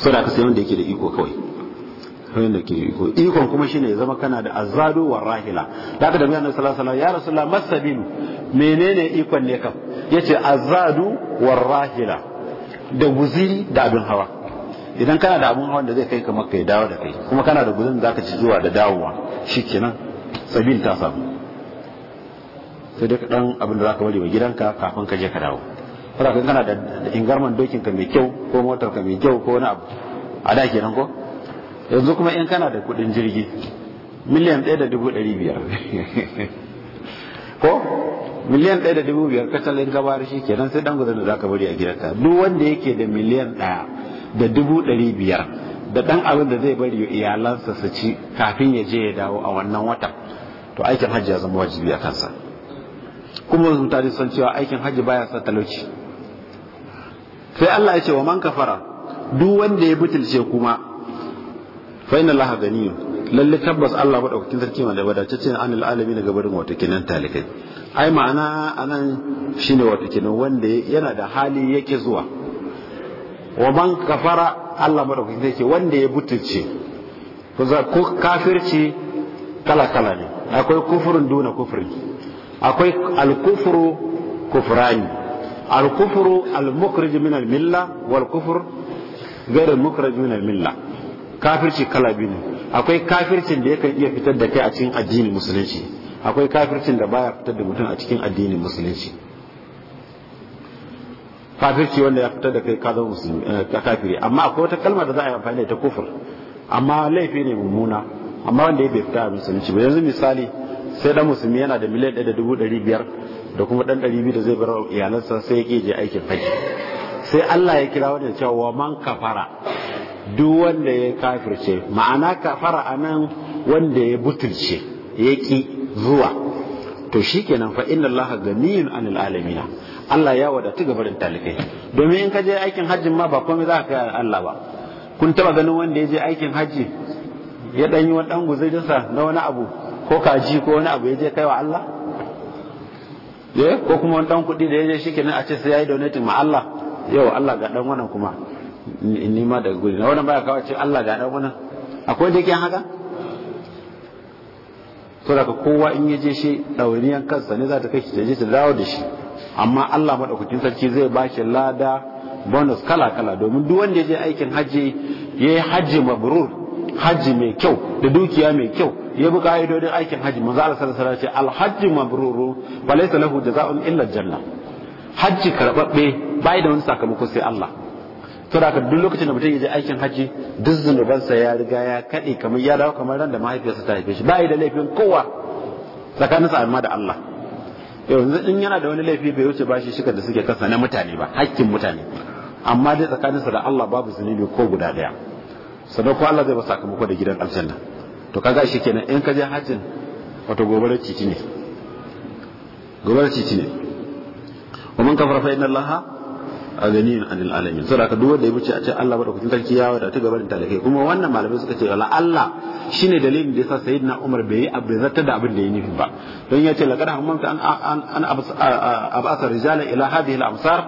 da ka sai wanda yake da iko kawai hoyin da ke iko ikon kuma shine ne zama kana da azado wa rahila da aka dabi annabi sallallahu alaihi wasallam ya rasulullah masabilu menene ikon ne kam yace azadu wa rahila da guziri da abin hawa idan kana da abin hawa da zai kai ka makka ya dawo da kai kuma kana da guzin zaka ci zuwa da dawowa shikenan sabil ta samu sai dai dan abin da zaka bari ba gidanka kafin ka je ka dawo kana da ingarman dokin ka mai kyau ko motar ka mai kyau ko wani abu a da kenan ko yanzu kuma in kana da kudin jirgi miliyan ɗaya da dubu ɗari biyar ko miliyan ɗaya da dubu biyar kasalin gabar shi nan sai dan gudun da zaka bari a gidanka duk wanda yake da miliyan ɗaya da dubu ɗari biyar da ɗan abin da zai bari iyalansa su ci kafin ya je ya dawo a wannan watan to aikin hajji ya zama wajibi a kansa kuma mutane san cewa aikin hajji baya sa talauci sai Allah ya ce wa man kafara duk wanda ya butulce kuma fa inna allaha ganiyun lalle tabbas Allah maɗaukakin sarki mai wadatacce anil alamin ga barin wato kenan talikai ai ma'ana anan shine wato kenan wanda yana da hali yake zuwa wa man kafara Allah madaukakin sarki wanda ya butulce ko kafirci kala kala ne akwai kufurin duna kufurin akwai alkufuru kufrani alkufuru almukhrij min almilla wal kufur ghayr almukhrij min almilla kafirci kala biyu ne akwai kafircin da yakan iya fitar da kai a cikin addinin musulunci akwai kafircin da baya fitar da mutum a cikin addinin musulunci kafirci wanda ya fitar da kai ka zama musulmi eh, kafiri amma akwai wata kalma da za a yi amfani da ita kufur amma laifi ne mummuna amma wanda ya bai fita a musulunci ba yanzu misali sai dan musulmi yana da miliyan ɗaya da dubu ɗari biyar da kuma ɗan ɗari biyu da zai bar iyalansa sai ya ke je aikin haji sai Allah ya kira wajen cewa man kafara duk wanda ya kafirce ma'ana kafara nan wanda ya butulce ya ki zuwa to shikenan fa inna allaha ganiyun anil alamina Allah ya wadatu ga barin talibai domin in ka je aikin hajjin ma ba komai za ka kai Allah ba kun taba ganin wanda ya je aikin hajji ya dan yi wani dan guzurinsa na wani abu ko kaji ko wani abu ya je wa Allah eh, ko kuma wani dan kuɗi da ya je shikenan a ce sai ya yi donating ma Allah yau Allah ga dan wannan kuma nima daga guri na wannan baya kawo ce Allah ga dan wannan akwai da yake haka to daga kowa in yaje shi dauriyan kansa ne za ta kai shi je ta dawo da shi amma Allah madaukakin sarki zai ba shi lada bonus kala kala domin duk wanda yaje aikin hajji yayi hajji mabrur hajji mai kyau da dukiya mai kyau ya bi ka'idodin aikin hajji manzo Allah sallallahu alaihi wasallam ce alhajji mabruru wa laysa lahu jazaa'un illa janna hajji karbabbe bai da wani sakamako sai Allah to da duk lokacin da mutum ya je aikin hajji duk zunubansa ya riga ya kaɗe kamar ya dawo kamar ran da mahaifiyarsa ta haife shi ba da laifin kowa tsakaninsa amma da Allah yanzu in yana da wani laifi bai wuce bashi shika da suke kasa na mutane ba hakkin mutane amma dai tsakaninsa da Allah babu zunubi ko guda daya sannan ko Allah zai ba sakamako da gidan aljanna to kaga shi kenan in ka je hajjin wato gobara titi ne gobara titi ne wa man kafara fa inna allaha gani anil alamin saboda duk da ya wuce a ce Allah bada madaukakin sarki ya wada ta da talakai kuma wannan malamai suka ce la Allah shine dalilin da yasa sayyidina Umar bai yi abu zata da abin da ya nufi ba don ya ce la kada hammamta an an abasa rijala ila hadhihi al-amsar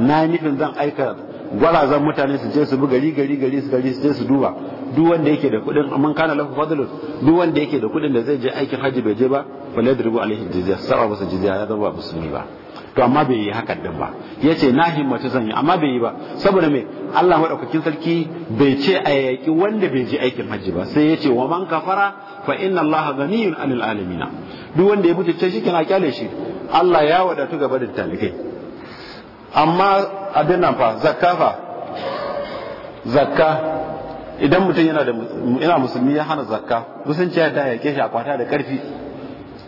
na nufin zan aika gwarazan mutane su je su bi gari gari gari su gari su je su duba duk wanda yake da kuɗin man kana lafu fadlu duk wanda yake da kuɗin da zai je aikin haji bai je ba fa falyadribu alaihi jizya sa'a masa jizya ya zama musulmi ba to amma bai yi haka din ba ya ce na himmatu zan yi amma bai yi ba saboda me Allah maɗaukakin sarki bai ce a yaƙi wanda bai ji aikin hajji ba sai ya ce wa man kafara fa inna Allah ganiyun anil alamina duk wanda ya mutu ce shi kina kyale shi Allah ya wadatu gaba da talikai amma abin nan fa zakka fa zakka idan mutum yana da yana musulmi ya hana zakka musulunci ya yake yaƙe shi a kwata da ƙarfi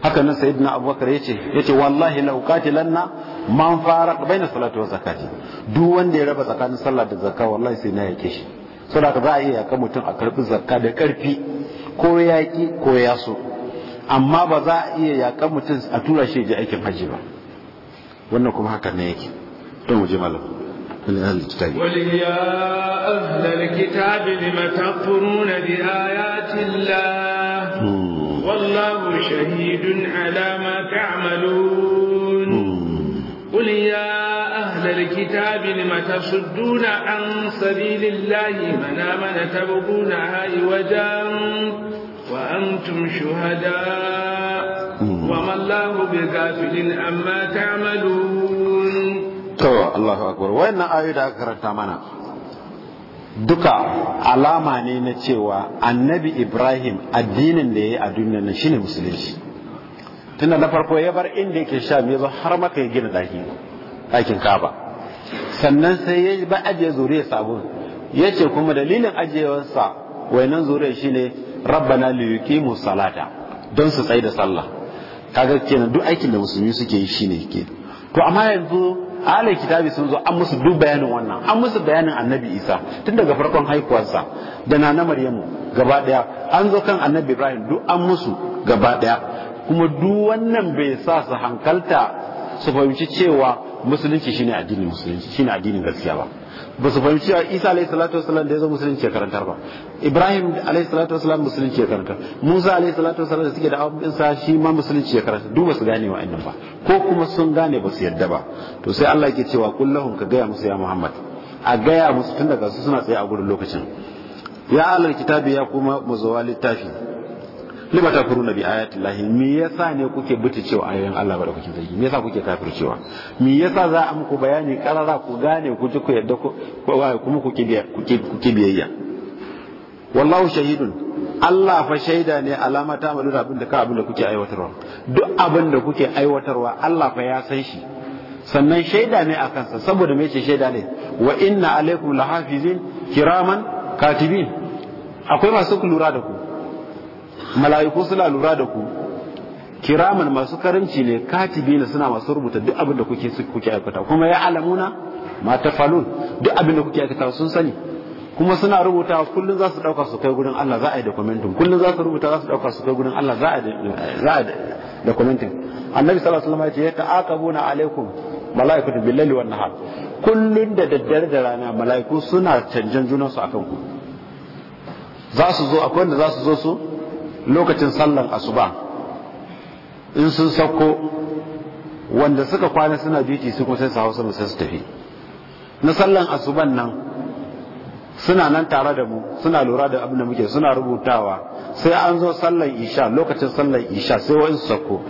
haka nan sayyidina abubakar yace yace wallahi la uqatilanna man faraq baina salati wa zakati duk wanda ya raba tsakanin sallah da zakka wallahi sai na yake shi saboda za a iya ka mutum a karbi zakka da karfi ko yaki ko yaso amma ba za a iya yaka mutum a tura shi ya aikin haji ba wannan kuma haka ne yake to mu je malam من أهل الكتاب قل يا أهل الكتاب لم تكفرون بآيات الله والله شهيد على ما تعملون قل يا أهل الكتاب لم تصدون عن سبيل الله من آمن تبغونها عوجا وأنتم شهداء وما الله بغافل عما تعملون. تو الله أكبر وين آية أكرت منا duka alama ne na cewa annabi ibrahim addinin da ya yi a duniya nan shine musulunci tunda na farko ya bar inda yake sha ya zo har maka ya gina daki ɗakin kaba sannan sai ya ba ajiye zuriya sabon ya ce kuma dalilin ajiyewarsa wainan zuriya shine rabbana li yuqimu don su tsaye da sallah kaga kenan duk aikin da musulmi suke yi shine ke to amma yanzu ala kitabi sun zo an musu duk bayanin wannan an musu bayanin annabi isa tun daga farkon haihuwarsa da na maryamu gaba daya an zo kan annabi ibrahim duk an musu gaba daya kuma duk wannan bai sa su hankalta su fahimci cewa musulunci shine addinin musulunci shine addinin gaskiya ba ba su fahimci cewa isa alayhi salatu wasallam da ya zo musulunci ya karantar ba ibrahim alayhi salatu wasallam musulunci ya karantar musa alayhi salatu wasallam da suke da abin sa shi ma musulunci ya karantar duk su gane wa'annan ba ko kuma sun gane ba su yadda ba to sai Allah ke cewa kullahum ka gaya musu ya muhammad a gaya musu tun daga su suna tsaye a gurin lokacin ya alal kitabi ya kuma mazowa littafi lima ta kuruna bi ayatillahi me yasa ne kuke cewa ayoyin Allah ba da kuke zargi me yasa kuke kafircewa me yasa za a muku bayani karara ku gane ku ji ku yadda ku kuma ku ki biyayya wallahu shahidun Allah fa shaida ne alama ta amalu abin da ka abin da kuke aiwatarwa duk abin da kuke aiwatarwa Allah fa ya san shi sannan shaida ne a kansa saboda me ce shaida ne wa inna alaikum lahafizin kiraman katibin akwai masu lura da ku mala'iku suna lura da ku kiraman masu karanci ne katibina suna masu rubuta duk abin da kuke kuke aikata kuma ya alamuna ma tafalun duk abin da kuke aikata sun sani kuma suna rubuta kullun za su dauka su kai gurin Allah za a yi documentin kullun za su rubuta za su dauka su kai gurin Allah za a yi documentin annabi sallallahu alaihi wasallam ya ce ya ta'aqabuna alaikum mala'ikatu billahi wan nahar kullun da daddare da rana mala'iku suna canjan junansu akan ku za su zo akwai wanda za su zo su lokacin sallan asuba in sun sauko wanda suka kwana suna duty su kuma sai su hausa mu sai su tafi na sallan asuban nan suna nan tare da mu suna lura da abin da muke suna rubutawa sai an zo sallan isha lokacin sallan isha sai wa'in su sauko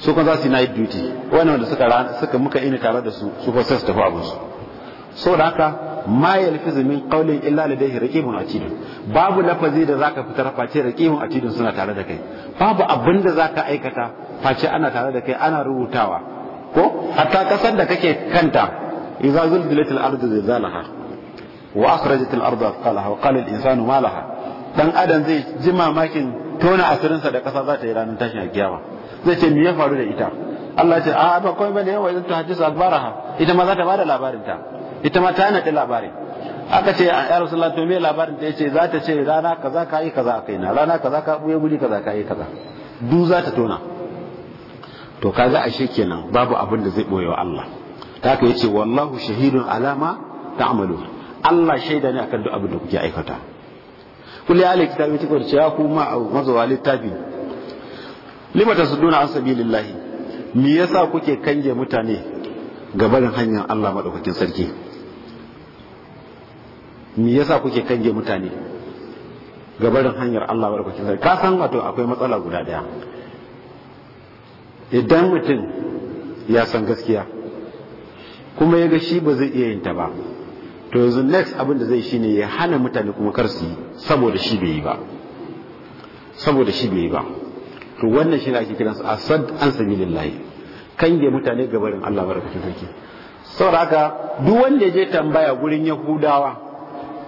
su kuma za su yi night duty wani wanda suka muka ini tare da su su kuma sai su tafi abinsu saboda haka ma yalfizu min qawlin illa ladayhi raqibun atid babu lafazi da zaka fitar face raqibun atidun suna tare da kai babu abin da zaka aikata face ana tare da kai ana rubutawa ko hatta kasar da kake kanta idza zulzilat al-ardu zilzalaha wa akhrajat al-ardu athqalaha wa qala al-insanu ma laha dan adam zai ji mamakin tona asirinsa da kasa za ta yi ranar tashin kiyama zai ce me ya faru da ita Allah ce a ba komai bane wa idan tuhaddis akbaraha ita ma za ta bada labarin ta ita ma ta naɗi labarin aka ce ya rasulullah to me labarin ta yace za ta ce rana kaza ka yi kaza kai na rana kaza ka buye guri kaza ka yi kaza du za ta tona to kaga ashe kenan babu abin da zai boye wa Allah ta ka yace wallahu shahidun alama ta'malu Allah shaida ne akan duk abin da kuke aikata kulli ahli kitabi tikor ce ya kuma mazawa tabi limata suduna an sabilillahi me yasa kuke kange mutane gabarin hanyar Allah maɗaukakin sarki me yasa kuke kange mutane gabarin hanyar Allah maɗaukakin sarki ka san wato akwai matsala guda daya idan mutum ya san gaskiya kuma ya ga shi ba zai iya yin ta ba to yanzu next abin da zai shi ne ya hana mutane kuma kar su yi saboda shi bai yi ba saboda shi bai yi ba to wannan shine ake a asad an kan kange mutane gabarin Allah barakatun sarki saboda haka duk wanda je tambaya gurin yahudawa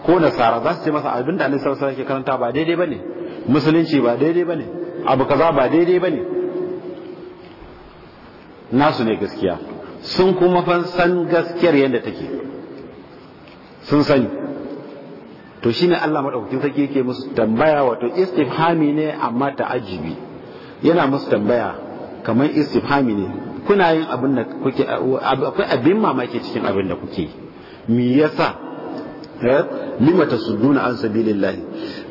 ko nasara za su ce masa abin da ne alaihi wasallam karanta ba daidai ba ne? musulunci ba daidai ba ne? abu kaza ba daidai ba ne? nasu ne gaskiya sun kuma fan san gaskiyar yadda take sun sani to shine Allah madaukakin sarki yake musu tambaya wato istifhami ne amma ta'ajibi yana musu tambaya kamar istifhami ne kuna yin abin da kuke akwai abin mamaki cikin abin da kuke me yasa eh, lima nuna an sabilillahi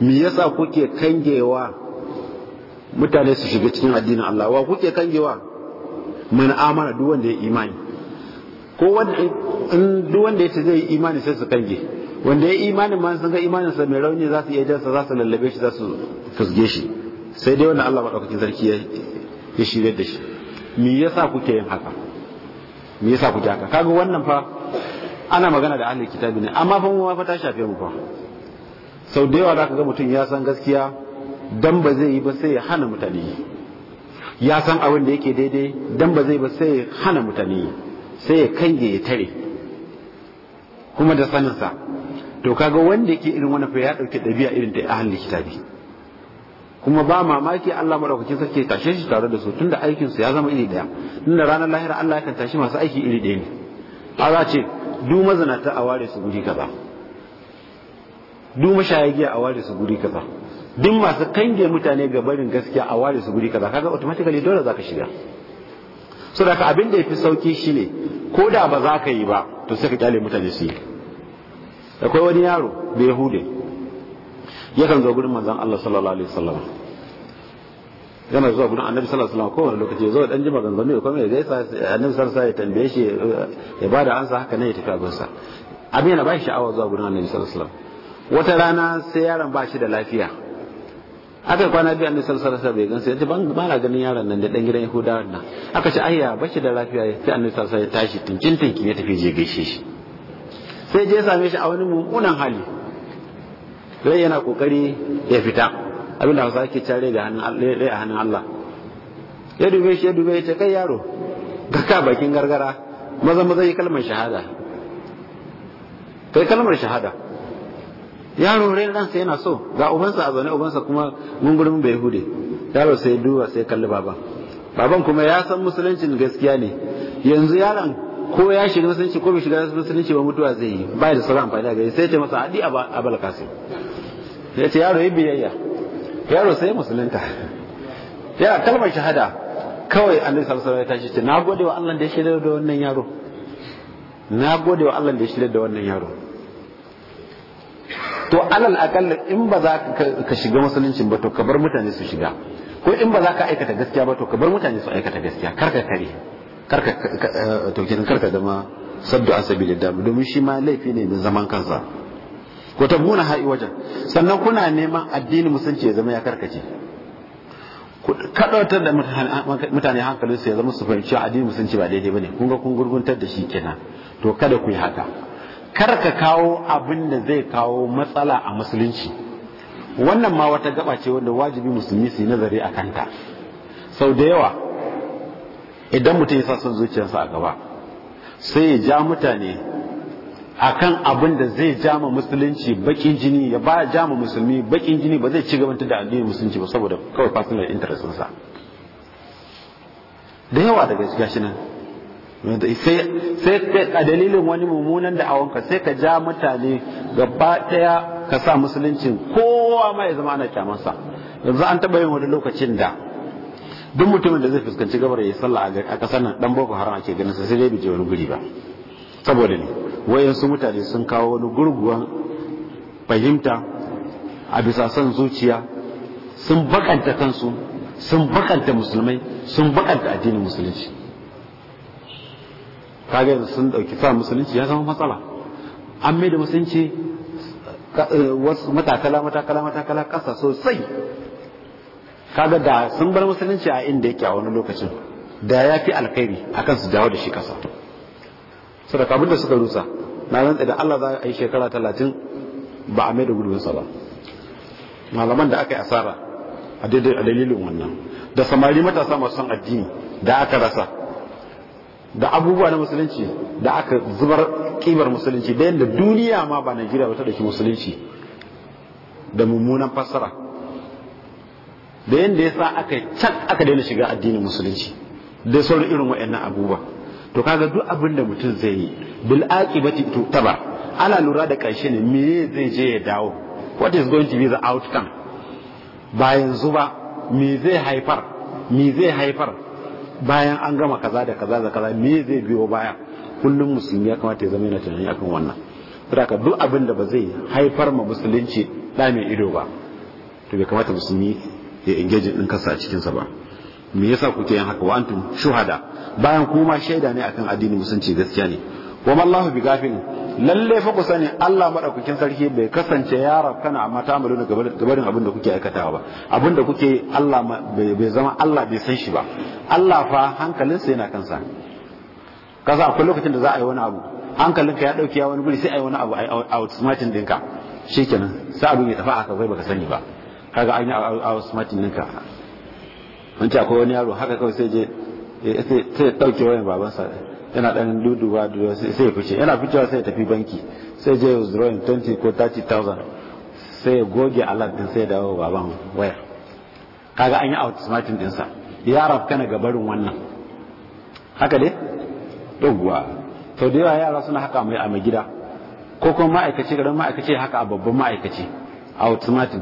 me yasa kuke kangewa mutane su shiga cikin addinin Allah wa kuke kangewa man amana duk wanda ya imani ko wanda in duk wanda ya ce zai imani sai su kange wanda ya imanin ma sun ga imanin sa mai rauni za su iya jansa za su lallabe shi za su fusge shi sai dai wannan Allah madaukaki sarki ya shirye da shi me yasa kuke yin haka me yasa kuke haka kaga wannan fa ana magana da ahli kitabi ne amma fa mu ma fa ta shafe mu fa sau da yawa zaka ga mutum ya san gaskiya dan ba zai yi ba sai ya hana mutane ya san abin da yake daidai dan ba zai ba sai ya hana mutane sai ya kange ya tare kuma da saninsa to kaga wanda yake irin wani fa ya dauke dabi'a irin ta ahli kitabi kuma ba mamaki Allah madaukaki sarki ya tashe shi tare da su tunda aikin su ya zama iri daya tunda ranar lahira Allah yakan tashi masu aiki iri daya ne Allah ce du mazinata a ware su guri kaza du mashayagiya a ware su guri kaza duk masu kange mutane ga barin gaskiya a ware su guri kaza kaga automatically dole zaka shiga so da abin da yafi sauki shine ko da ba za ka yi ba to sai ka kyale mutane su yi akwai wani yaro da yahudai yakan zo gurin manzon Allah sallallahu alaihi wasallam yana zuwa gurin annabi sallallahu alaihi wasallam kowane lokaci zo dan ji maganganu ya kuma gaisa annabi sallallahu alaihi ya tambaye shi ya bada ansa haka ne ya tafi abin sa abin yana ba shi sha'awa zuwa gurin annabi sallallahu alaihi wasallam wata rana sai yaron ba shi da lafiya aka kwana biyu annabi sallallahu alaihi wasallam bai gansa yace ban ba na ganin yaron nan da dan gidan yahuda wannan aka ce ayya bashi da lafiya sai annabi sallallahu alaihi wasallam ya tashi tinkin tinkin ya tafi je gaishe shi sai je same shi a wani mummunan hali rai yana kokari ya fita abinda hausa ake care da rai a hannun Allah ya dube shi ya dube ya ce kai yaro ga ka bakin gargara maza maza yi kalmar shahada kai kalmar shahada yaro rai ransa yana so ga ubansa a zaune ubansa kuma gungurin bai hude yaro sai duba sai kalli baba baban kuma ya san musuluncin gaskiya ne yanzu yaron ko ya shiga musulunci ko bai shiga musulunci ba mutuwa zai yi bai da sauran amfani da gari sai ya ce masa hadi a balkasim ya ce yaro yi biyayya yaro sai musulunta ya kalmar shahada kawai annabi sallallahu ta wasallam ya tashi na gode wa Allah da ya shirya da wannan yaro na gode wa Allah da ya shirya da wannan yaro to alal akalla in ba za ka shiga musuluncin ba to ka bar mutane su shiga ko in ba za ka aikata gaskiya ba to ka bar mutane su aikata gaskiya kar ka kare kar ka eh, to kenan kar ka zama saddu an sabilillah domin shi ma laifi ne na zaman kansa ko ta buna ha'i wajen sannan kuna neman addini musulunci ya zama ya karkace ku kadautar da mutane hankalin su ya zama su fahimci addini musulunci ba daidai bane kun ga kun gurguntar da shi kenan to kada ku yi haka kar ka kawo abin da zai kawo matsala a musulunci wannan ma wata gaba ce wanda wajibi musulmi su yi nazari a kanta sau da yawa idan mutum ya sa son zuciyarsa a gaba sai ya ja mutane akan abin da zai jama musulunci bakin jini ya ba jama musulmi bakin jini ba zai ci gabanta da addinin musulunci ba saboda kawai personal interest sa da yawa daga shi nan sai sai a dalilin wani mummunan da awonka sai ka ja mutane gaba daya ka sa musuluncin kowa ma ya zama ana kyamansa yanzu an taba yin wani lokacin da duk mutumin da zai fuskanci gabar ya sallah a kasar nan dan boko haram ake ganin sa sai dai bai je wani guri ba saboda ne wayansu mutane sun kawo wani gurguwan fahimta a bisa son zuciya sun bakanta kansu sun bakanta musulmai sun bakanta addinin musulunci kaga yanzu sun dauki sa musulunci ya zama matsala an mai da musulunci eh, wasu matakala matakala matakala kasa sosai kaga da sun bar musulunci a inda yake a wani lokacin da ya fi alkhairi akan su dawo da shi kasa sadaka abin da suka rusa na nan da Allah za a yi shekara talatin ba a mai da gudunsa ba malaman da aka yi asara a daidai a dalilin wannan da samari matasa masu son addini da aka rasa da abubuwa na musulunci da aka zubar kibar musulunci da yadda duniya ma ba najeriya ba ta shi musulunci da mummunan fassara da yadda ya sa aka can aka daina shiga addinin musulunci da sauran irin waɗannan abubuwa to kaga duk abin da mutum zai yi bil aqibati taba ala lura da karshe ne me zai je ya dawo what is going to be the outcome ba yanzu ba me zai haifar me zai haifar bayan an gama kaza da kaza da kaza me zai biyo baya kullum musulmi ya kamata ya zama yana tunani akan wannan saboda duk abin da ba zai haifar ma musulunci da mai ido ba to bai kamata musulmi ya engage din kansa a cikin sa ba me yasa kuke yin haka wa antum shuhada bayan kuma shaida ne akan addinin musulunci gaskiya ne wa mallahu bi gafin lalle fa ku sani Allah madaukakin sarki bai kasance ya kana amma ta amalu gabarin abin da kuke aikatawa ba abin da kuke Allah bai zama Allah bai san shi ba Allah fa hankalinsa yana kansa kaza akwai lokacin da za a yi wani abu hankalinka ya dauke ya wani guri sai a yi wani abu a automatin dinka shikenan sai abin ya tafi aka kai baka sani ba kaga an yi a automatin dinka Mun ce akwai wani yaro haka kawai sai je Eh, sai ɗauke wayan babansa yana ɗan duduwa sai ya fice yana ficewa sai ya tafi banki sai je withdrawing 20 ko 30,000 sai ya goge alat din sai ya dawo baban waya kaga an yi outsmarting dinsa ya rafka na gabarin wannan haka dai yawwa to da yawa yara suna haka mai a gida ko kuma ma'aikaci garin ma'aikaci haka a babban ma'aikaci outsmarting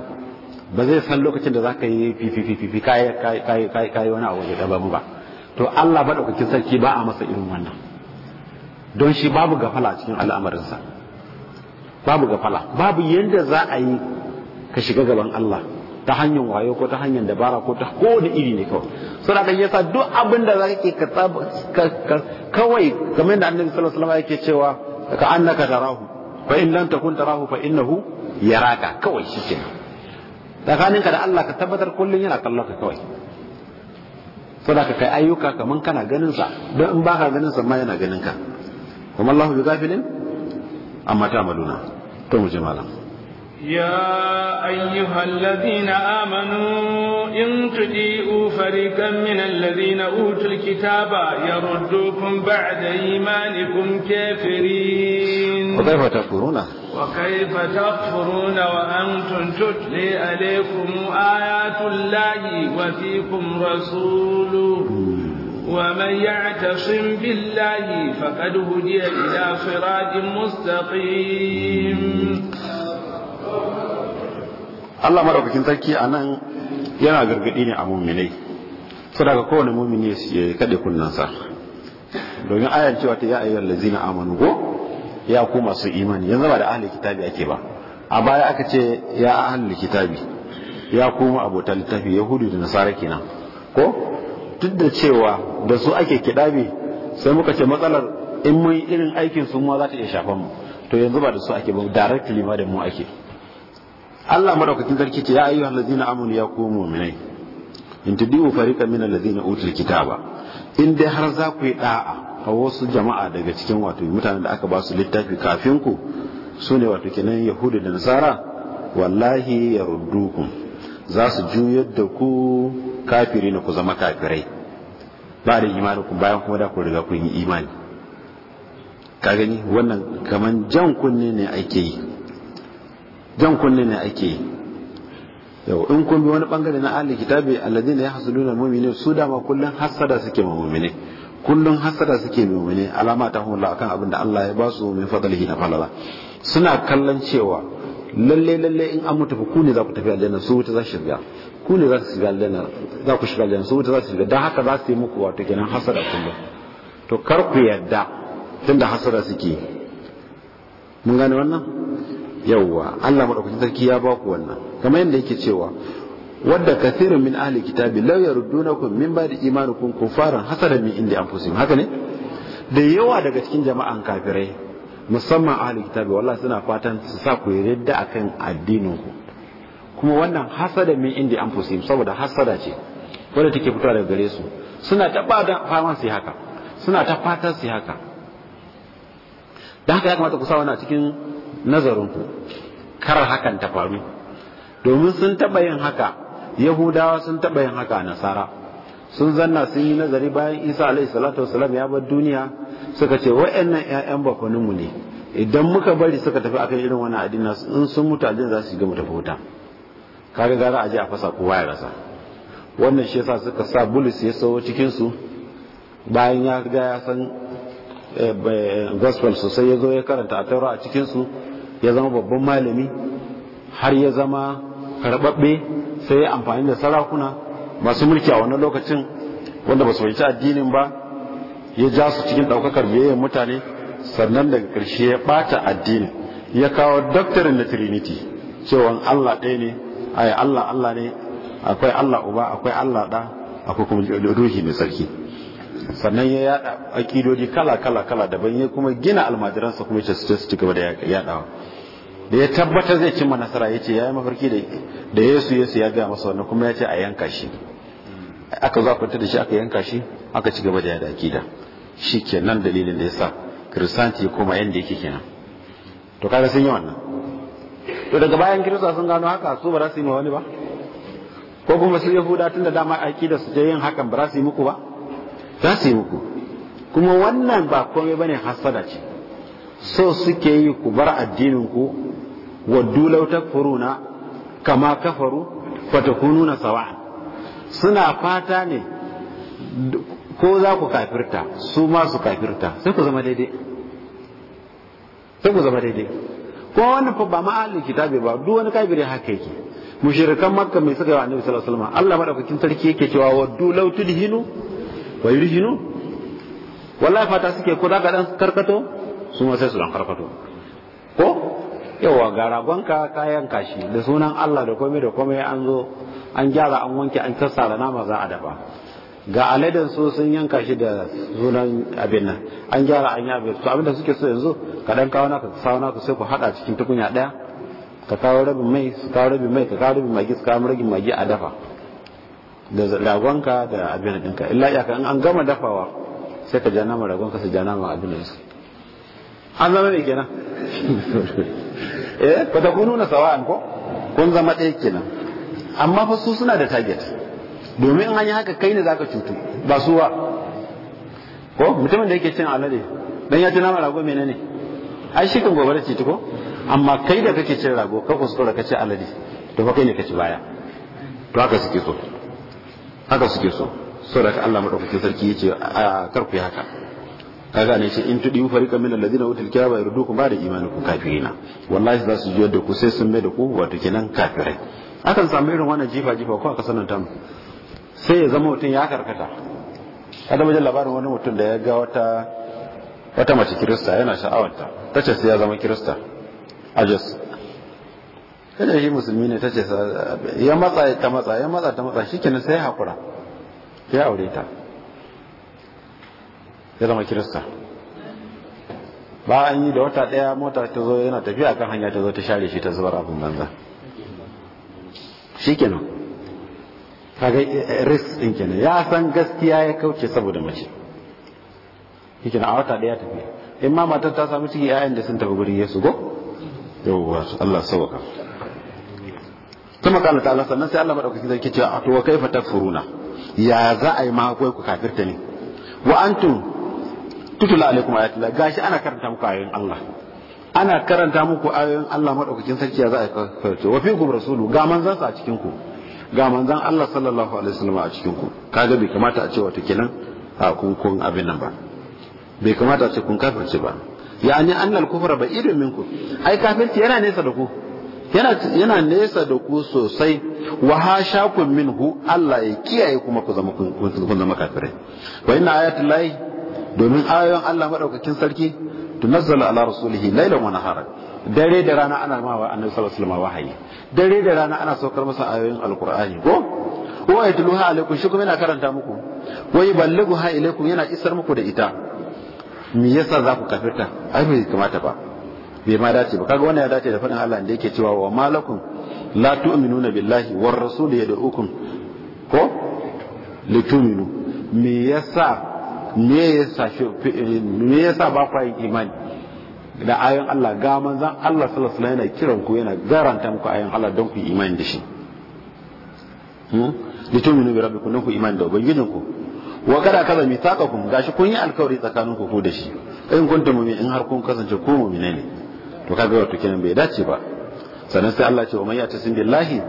ba zai san lokacin da za ka yi fifi kayi wani a waje ɗaba mu ba to Allah maɗaukakin sarki ba a masa irin wannan don shi babu gafala a cikin al'amarinsa babu gafala babu yadda za a yi ka shiga gaban Allah ta hanyar wayo ko ta hanyar dabara ko ta ko da iri ne kawai suna da yasa duk abin da za ka kawai kamar da annabi sallallahu alaihi wasallam yake cewa ka annaka tarahu fa in lam takun tarahu fa innahu yaraka kawai shikenan tsakaninka da Allah ka tabbatar kullun yana kallon ka kawai saboda ka kai ayyuka kaman kana ganin sa don in baka ganin sa ma yana ganin ka kuma Allahu bi gafilin amma ta maluna to mu ji malam يا أيها الذين آمنوا إن تطيعوا فريقا من الذين أوتوا الكتاب يردوكم بعد إيمانكم كافرين وكيف تكفرون وكيف تكفرون وأنتم تتلي عليكم آيات الله وفيكم رسوله ومن يعتصم بالله فقد هدي إلى صراط مستقيم Allah maɗaukakin sarki a nan yana gargaɗi ne a muminai sadaka kowane mumini ya kaɗe kunnansa domin ayar cewa ta ya ayyuhal lazina amanu ko ya ku masu imani yanzu ba da ahli kitabi ake ba a baya aka ce ya ahli kitabi ya mu abota littafi yahudu da nasara kenan ko duk da cewa da su ake kidabi sai muka ce matsalar in mun irin aikin su ma za ta iya shafan mu to yanzu ba da su ake ba directly ma da mu ake Allah madaukakin sarki ce ya ayyuhal ladina amanu ya ku mu'minai in tudiu fariqan min alladhina utul kitaba in dai har za ku yi da'a a wasu jama'a daga cikin wato mutanen da aka ba su littafi kafin ku su ne wato kenan yahudu da nasara wallahi ya ruddukum za su juyar da ku kafiri na ku zama kafirai ba da imani ku bayan kuma da ku riga kun yi imani ka gani wannan kaman jan kunne ne ake yi jan kunne ne ake yi yau in kun bi wani bangare na alikitabi alladina alladhina yahsuduna al su dama kullum hasada suke ma kullum hasada suke mummune alama ta hula akan abin da Allah ya ba su mai fadalihi na falala suna kallon cewa lalle lalle in an mutu ku ne za ku tafi aljanna su wuta za su shiga ku ne za su shiga aljanna za ku shiga aljanna su wuta za su shiga dan haka za su yi muku wato kenan hasada kullum to kar ku yadda tunda hasada suke mun gane wannan yawwa Allah madaukakin sarki ya ba ku wannan kamar yadda yake cewa wadda kathirun min ahli kitabi law yaruddunakum min ba'di imanikum kufaran hasadan min indi anfusihim haka ne da yawa daga cikin jama'an kafirai musamman ahli kitabi wallahi suna fatan su sa ku yarda akan addinin kuma wannan hasadan min indi anfusihim saboda hasada ce wadda take fitowa daga gare su suna ta fatan su haka suna ta fatan su haka dan haka ya kamata ku sa wannan cikin nazarinku ku karar hakan ta faru domin sun taba yin haka yahudawa sun taɓa yin haka a nasara sun zanna sun yi nazari bayan isa alaihi salatu wasalam ya bar duniya suka ce wa'annan 'ya'yan mu ne idan muka bari suka tafi akan irin wani addini in sun mutu addini za su shiga mu tafi wuta kaga gara a je a fasa kowa ya rasa wannan shi yasa suka sa bulus ya sawo cikin su bayan ya ga ya san eh, eh, gospel sosai ya zo ya karanta a taura a cikin su ya zama babban malami har ya zama karɓaɓɓe sai ya amfani da sarakuna masu mulki a wannan lokacin wanda ba su fahimci addinin ba ya ja su cikin ɗaukakar biyayyar mutane sannan daga ƙarshe ya ɓata addinin ya kawo doctrine na trinity cewa allah ɗaya ne ai allah allah ne akwai allah uba akwai allah ɗa akwai kuma ruhi mai sarki sannan ya yada akidodi kala kala kala daban ya kuma gina almajiransa kuma ya ce su ci gaba da yadawa da ya tabbatar zai cimma nasara ya ce ya yi mafarki da yesu yesu ya gaya masa wannan kuma ya ce a yanka shi aka zo kwanta da shi aka yanka shi aka ci gaba da yada akida shi ke nan dalilin da ya sa kirisanti ya koma yadda yake kenan to kaga sun yi wannan to daga bayan kirista sun gano haka su ba za su yi wani ba ko kuma su yahuda tun da dama akida su je yin hakan ba za su yi muku ba za su yi muku kuma wannan ba komai bane hasada ce so suke yi ku bar addinin ku waddu law takfuruna kama kafaru fatakununa sawa suna fata ne ko za ku kafirta su ma su kafirta sai ku zama daidai sai ku zama daidai ko wani fa ba ma'alin kitabi ba duk wani kafiri haka yake mushrikan makka mai suka yi wa annabi sallallahu alaihi wasallam Allah madaukakin sarki yake cewa waddu law tudhinu wa yurhinu wallahi fata suke ko za ka dan karkato su ma sai su dan karkato ko yawa ga ragonka kayan kashi da sunan Allah da komai da komai an zo an gyara an wanke an tassara nama za a dafa ga aladen su sun yanka shi da sunan abin nan an gyara an yabe to abinda suke so yanzu ka dan kawo naka ka sawo naka sai ku hada cikin tukunya daya ka kawo rabin mai ka kawo rabin mai ka kawo rabin magi ka kawo rabin magi a dafa da ragonka da abin ɗinka illa iyaka in an gama dafawa sai ka ja nama ragonka sai ja nama abin da su an zama mai kenan eh ba ta kunu na sawa'an ko kun zama ɗaya kenan amma fa su suna da target domin an yi haka kai ne zaka cutu ba su ba ko mutumin da yake cin alade dan ya ci nama rago menene ai shi kan gobe da ko amma kai da kake cin rago ka kuskura ka ci alade to fa kai ne ka ci baya to haka suke so haka suke so saboda Allah madaukakin sarki yace a karku haka kaga ne ce in tudi fariqan min alladhina utul kitaba yardukum ba'da imanikum kafirina wallahi za su jiyar da ku sai sun mai da ku wato kenan kafirai akan samu irin wannan jifa jifa ko a kasar ta tamu sai ya zama mutum ya karkata kada wajen labarin wani mutum da ya ga wata wata mace kirista yana sha'awarta ta ce sai ya zama kirista a kada shi musulmi ne tace ya matsa ta matsa ya matsa ta matsa shikenan sai ya haƙura ya aure ta ya zama kirista ba an yi da wata daya mota ta zo yana tafiya kan hanya ta zo ta share shi ta zubar abin banza kenan kaga eh, risk din kenan ya san gaskiya ya kauce saboda mace shikenan a wata daya tafi in ma matar ta samu ciki yayan da sun tafi gurin Yesu go yawwa Allah sauka kuma kana ta Allah sannan sai Allah madaukakin sarki ce to wa kaifa takfuruna ya za a yi ma akwai ku kafirta ne wa antum tutula alaikum ayatullah gashi ana karanta muku ayoyin Allah ana karanta muku ayoyin Allah madaukakin sarki ya za a karanta wa fiikum rasulu ga manzon sa a cikin ku ga manzon Allah sallallahu alaihi wasallam a cikin ku kaga bai kamata a ce wato kenan a kun kun abin nan ba bai kamata a ce kun kafirce ba ya'ani annal kufra ba'idun minkum ai kafirci yana nesa da ku yana nesa da ku sosai wa hashakum minhu Allah ya kiyaye kuma ku zama kun zama kafirai wa inna ayatul lahi domin ayoyin Allah madaukakin sarki tunazzala ala rasulihi lailan wa nahara dare da rana ana ma wa annabi sallallahu alaihi wasallam wahayi dare da rana ana saukar masa ayoyin alqur'ani ko wa yatluha alaikum shi kuma yana karanta muku wa yuballighuha ilaikum yana isar muku da ita me yasa za ku kafirta ai bai kamata ba bai ma dace ba kaga wannan ya dace da faɗin Allah da yake cewa wa malakum la tu'minuna billahi war rasul yad'ukum ko lituminu me yasa me yasa ba kwa yin imani da ayon Allah ga manzan Allah sallallahu alaihi yana kiran ku yana garanta muku ayon Allah don ku imani da shi da hmm? tun minu birabi kun ku imani da ubangijin ku wa kada kaza mi taka kun gashi kun yi alkawari tsakanin ku da shi in kun mu in har kun kasance ko mu ne to kaga wato kenan bai dace ba sannan sai Allah ce wa ta yatasim billahi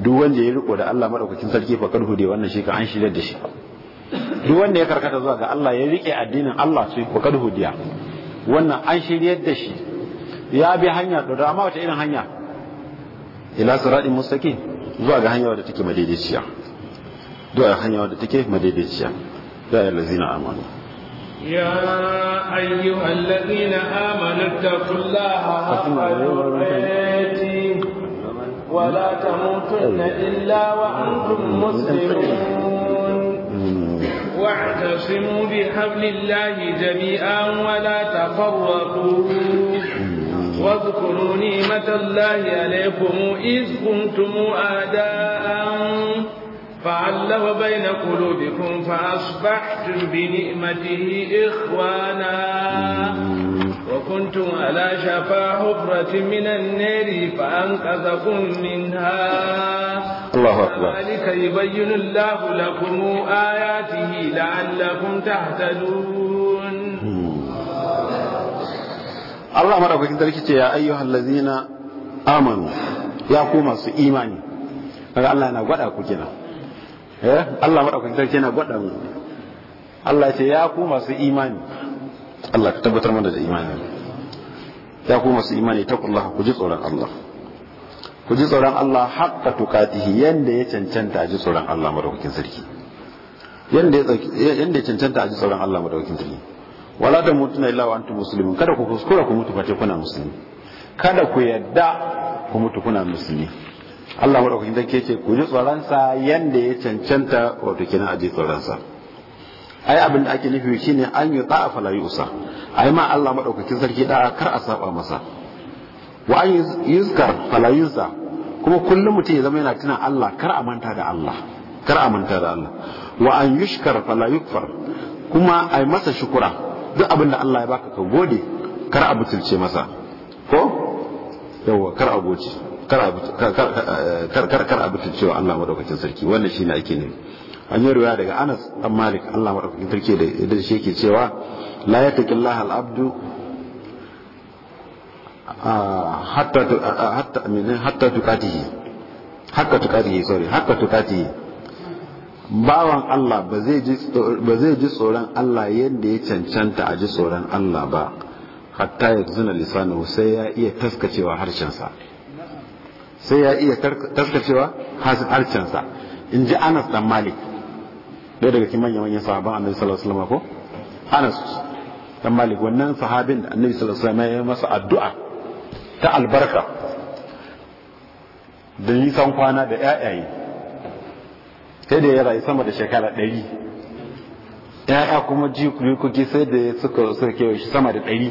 duk wanda ya riko da Allah madaukakin sarki fa kadhu da wannan shi ka an shirye da shi duk wanda ya karkata zuwa ga Allah ya rike addinin Allah sai ko kad hudiya wannan an shiryar da shi ya bi hanya da amma wata irin hanya ila siratin mustaqim zuwa ga hanya wadda take madaidaiciya zuwa hanya wadda take madaidaiciya da ya lazina amanu ya أيها الذين amanu taqullaha الله حق تقاته ولا تموتن إلا وأنتم مسلمون واعتصموا بحبل الله جميعا ولا تفرقوا واذكروا نعمة الله عليكم إذ كنتم أعداء فألف بين قلوبكم فأصبحتم بنعمته إخوانا وكنتم على شفا حفرة من النار فأنقذكم منها Allahu akbar zalika yubayyinu Allahu lakum ayatihi la'allakum tahtadun Allah madaukakin sarki ce ya ayyuhal ladzina amanu ya ku masu imani kaga Allah yana gwada ku kenan eh Allah madaukakin gwada Allah ce ya ku masu imani Allah ka tabbatar mana da imani ya ku masu imani taqullaha ku ji tsoron Allah ku ji tsoron Allah haqqa tukatihi yanda ya cancanta a ji tsoron Allah madaukakin sarki yanda ya cancanta a ji tsoron Allah madaukakin sarki wala da mutuna illa wa antum muslimun kada ku kuskura ku mutu face kuna musulmi kada ku yadda ku mutu kuna musulmi Allah madaukakin sarki ce ku ji tsoronsa yanda ya cancanta wato kina aji tsoronsa ai abin da ake nufi shine an yi ta'a fala yusa ai ma Allah madaukakin sarki da kar a saba masa wa an falayinsa kuma kullum mutum ya zama yana tuna Allah kar a manta da Allah kar a manta da Allah wa an yushkar falayukfar kuma a masa shukura duk abin da Allah ya baka ka gode kar a butulce masa ko yawwa kar a goce kar a butulce wa Allah madaukakin sarki wannan ne ake ne an yi ruwa daga Anas dan Malik Allah madaukakin sarki da shi yake cewa la yattaqillaha al-abdu hatta tukatihi hatta tukatihi sorry hatta tukatihi bawan Allah ba zai ji tsoron Allah yadda ya cancanta a ji tsoron Allah ba hatta ya zina lisanu sai ya iya taskacewa harshensa sai ya iya taskacewa harshensa in ji Anas dan Malik ɗaya daga cikin manyan manyan sahaban annabi sallallahu alaihi wasallam ko Anas dan Malik wannan sahabin da annabi sallallahu alaihi wasallam ya masa addu'a ta albarka da nisan kwana da ‘ya'yaye sai da ya rayu sama da shekara ɗari ‘ya'ya kuma kuri sai da suka suke shi sama da ɗari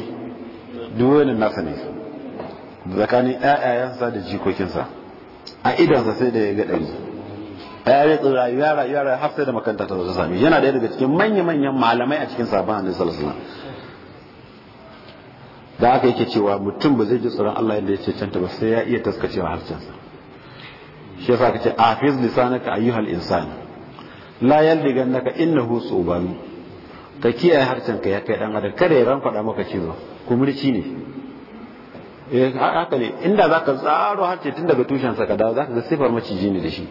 duwanin nasa ne tsakanin ‘ya'yayensa da jikokinsa a idansa sai da ya ga ɗari ‘ya'ya tsira yara yara har sai da makanta ta zo sami yana ɗaya daga cikin manya-manyan malamai a cikin sabon annabi sallallahu da aka yake cewa mutum ba zai ji tsoron Allah yadda ya ce canta ba sai ya iya taskacewa harcensa shi yasa kace afiz lisanaka ayyuhal insani la yaldigannaka innahu tsuban ka kiyaye harcenka ya kai dan adam kada ya faɗa maka cewa kumurci ne eh haka ne inda zaka tsaro harce tun daga tushensa ka dawo zaka ga sifar maciji ne da shi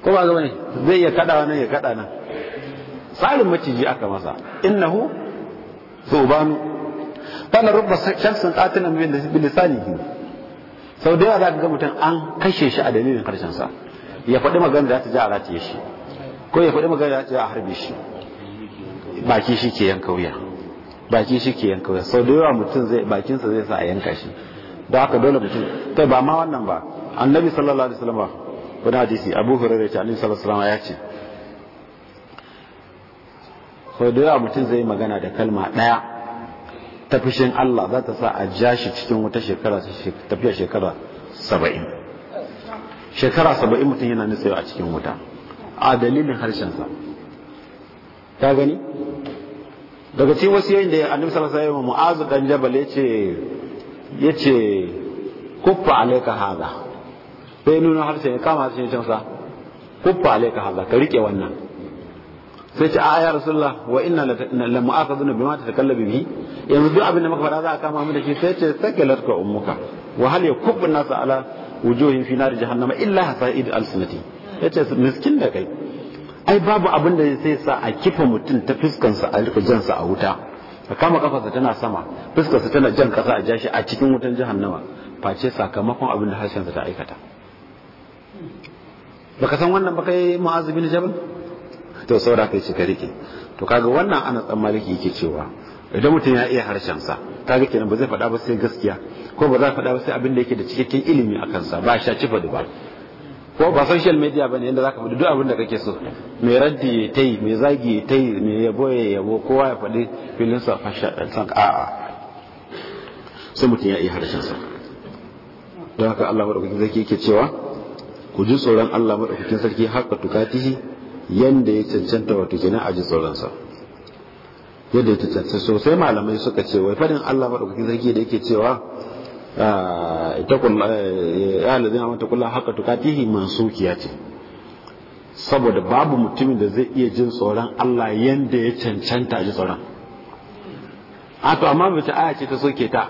ko ba ga bane zai iya kada nan ya kada nan salin maciji aka masa innahu tsubanu fa na rubba shaksin qatilan bi lisanihi sau da yawa za ka ga mutum an kashe shi a dalilin harshen sa ya faɗi magana da ta ji a rataye shi ko ya faɗi magana da ta ji a harbe shi baki shi ke yanka wuya baki shi ke yanka wuya sau da yawa mutum zai bakinsa zai sa a yanka shi da haka dole mutum kai ba ma wannan ba annabi sallallahu alaihi wasallam wani hadisi abu hurairah ta annabi sallallahu alaihi wasallam ya ce sau da yawa mutum zai magana da kalma ɗaya ta fushin Allah za ta sa a ja shi cikin wata shekara tafiya shekara saba'in shekara saba'in mutum yana nitsayo a cikin wuta a dalilin harshensa ta gani daga cikin wasu yayin da ya annabi sallallahu alaihi wasallam mu'azu dan jabal yace yace kuffa alayka hadha sai nuna harshen ya kama harshen sa kuffa alayka hada ka rike wannan sai ce a ya rasulullah wa inna la mu'akhadhun bima tatakallabu bi yanzu duk abin da muka faɗa za a kama mu da shi sai ce sakalat ka ummuka wa hal yakubbu nasu ala wujuhin fi nar jahannama illa hasaid alsinati yace miskin da kai ai babu abin da zai sa a kifa mutum ta sa a rika jansa a wuta ka kama kafarsa tana sama sa tana jan kasa a jashi a cikin wutan jahannama face sakamakon abin da harshen sa ta aikata baka san wannan baka yi mu'azibin jabal to saboda kai ce ka rike to kaga wannan ana tsan maliki yake cewa idan mutum ya iya harshen sa kaga kenan ba zai faɗa ba sai gaskiya ko ba za faɗa ba sai abin da yake da cikakken ilimi a kansa ba sha cifa ba ko ba social media bane yanda zaka faɗi duk abin da kake so mai raddi ya tai mai zagi ya tai mai yabo ya yabo kowa ya faɗi filin sa fasha san a'a sai mutum ya iya harshen sa don haka Allah madaukakin sarki yake cewa ku ji tsoron Allah madaukakin sarki haka tukatihi yanda ya cancanta wata jina a ji tsoronsa yadda ya cancanta sosai malamai suka ce wai fadin Allah madaukakin sarki da yake cewa ah, ita kuma eh, ya a mata kula haka tukatihi kiya ce saboda babu mutumin da zai iya jin tsoron Allah yanda ya cancanta a ji tsoron a to amma mace aya ce ta soke ta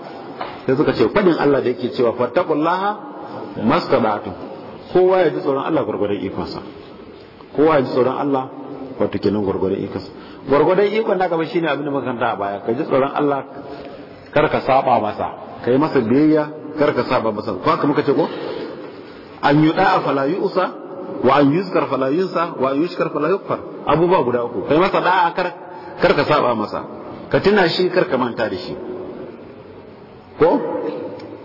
sai suka ce fadin Allah da yake cewa fattaqullaha mastada'tu kowa ya ji tsoron Allah gurgurdan ikonsa kowa ji tsoron Allah wato kenan gwargwadon ikonsa gwargwadon ikon da gaba shine abin da muka kanta a baya ka ji tsoron Allah kar ka saba masa ka yi masa biyayya kar ka saba masa ko haka muka ce ko an yi da'a fala yu'sa wa an yuzkar fala yunsa wa an yushkar fala yukfar abubuwa guda uku kai masa da'a kar kar ka saba masa ka tuna shi kar ka manta da shi ko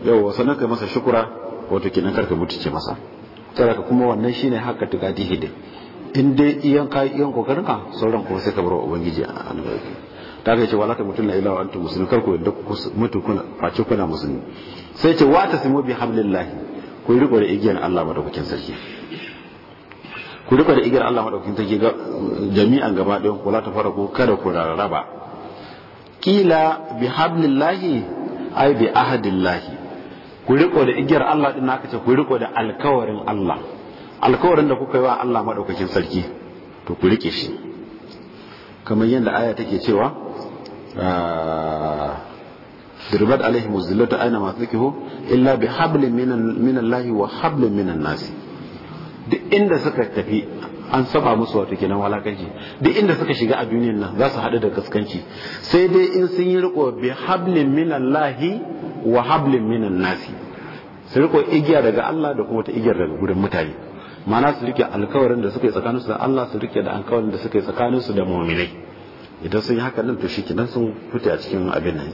yau sannan kai masa shukura wato kenan kar ka mutuce masa saboda kuma wannan shine hakka tukati hidin in dai iyan ka iyan kokarin ka sauran kuma sai ka bar ubangiji a albarki ta ga ce wala ta mutun la ilaha antum muslim kar ku yadda ku mutu kuna face kuna musulmi sai ce wa tasimu bi hablillahi ku riko da igiyar Allah madaukakin sarki ku riko da igiyar Allah madaukakin sarki jami'an gaba ɗayan ku la ko kada ku rarraba kila bi hablillahi ai bi ahadillahi ku riko da igiyar Allah din naka ce ku riko da alkawarin Allah alkawarin da kuka yi wa Allah madaukakin sarki to ku rike shi kamar yadda aya take cewa ah, dirbat alaihi muzillatu aina ma tsakihu illa bi hablin minan lahi wa hablin minan nasi duk inda suka tafi an saba musu wato kenan walakanci duk inda suka shiga a duniyar nan za su haɗu da gaskanci sai dai in sun yi riko bi hablin minan lahi wa hablin minan nasi su riko igiya daga Allah da kuma ta igiyar daga gurin mutane mana su rike alkawarin da suka yi tsakaninsu da Allah su rike da alkawarin da suka yi tsakaninsu da mu'minai idan sun yi haka nan to shi kenan sun fita a cikin abin nan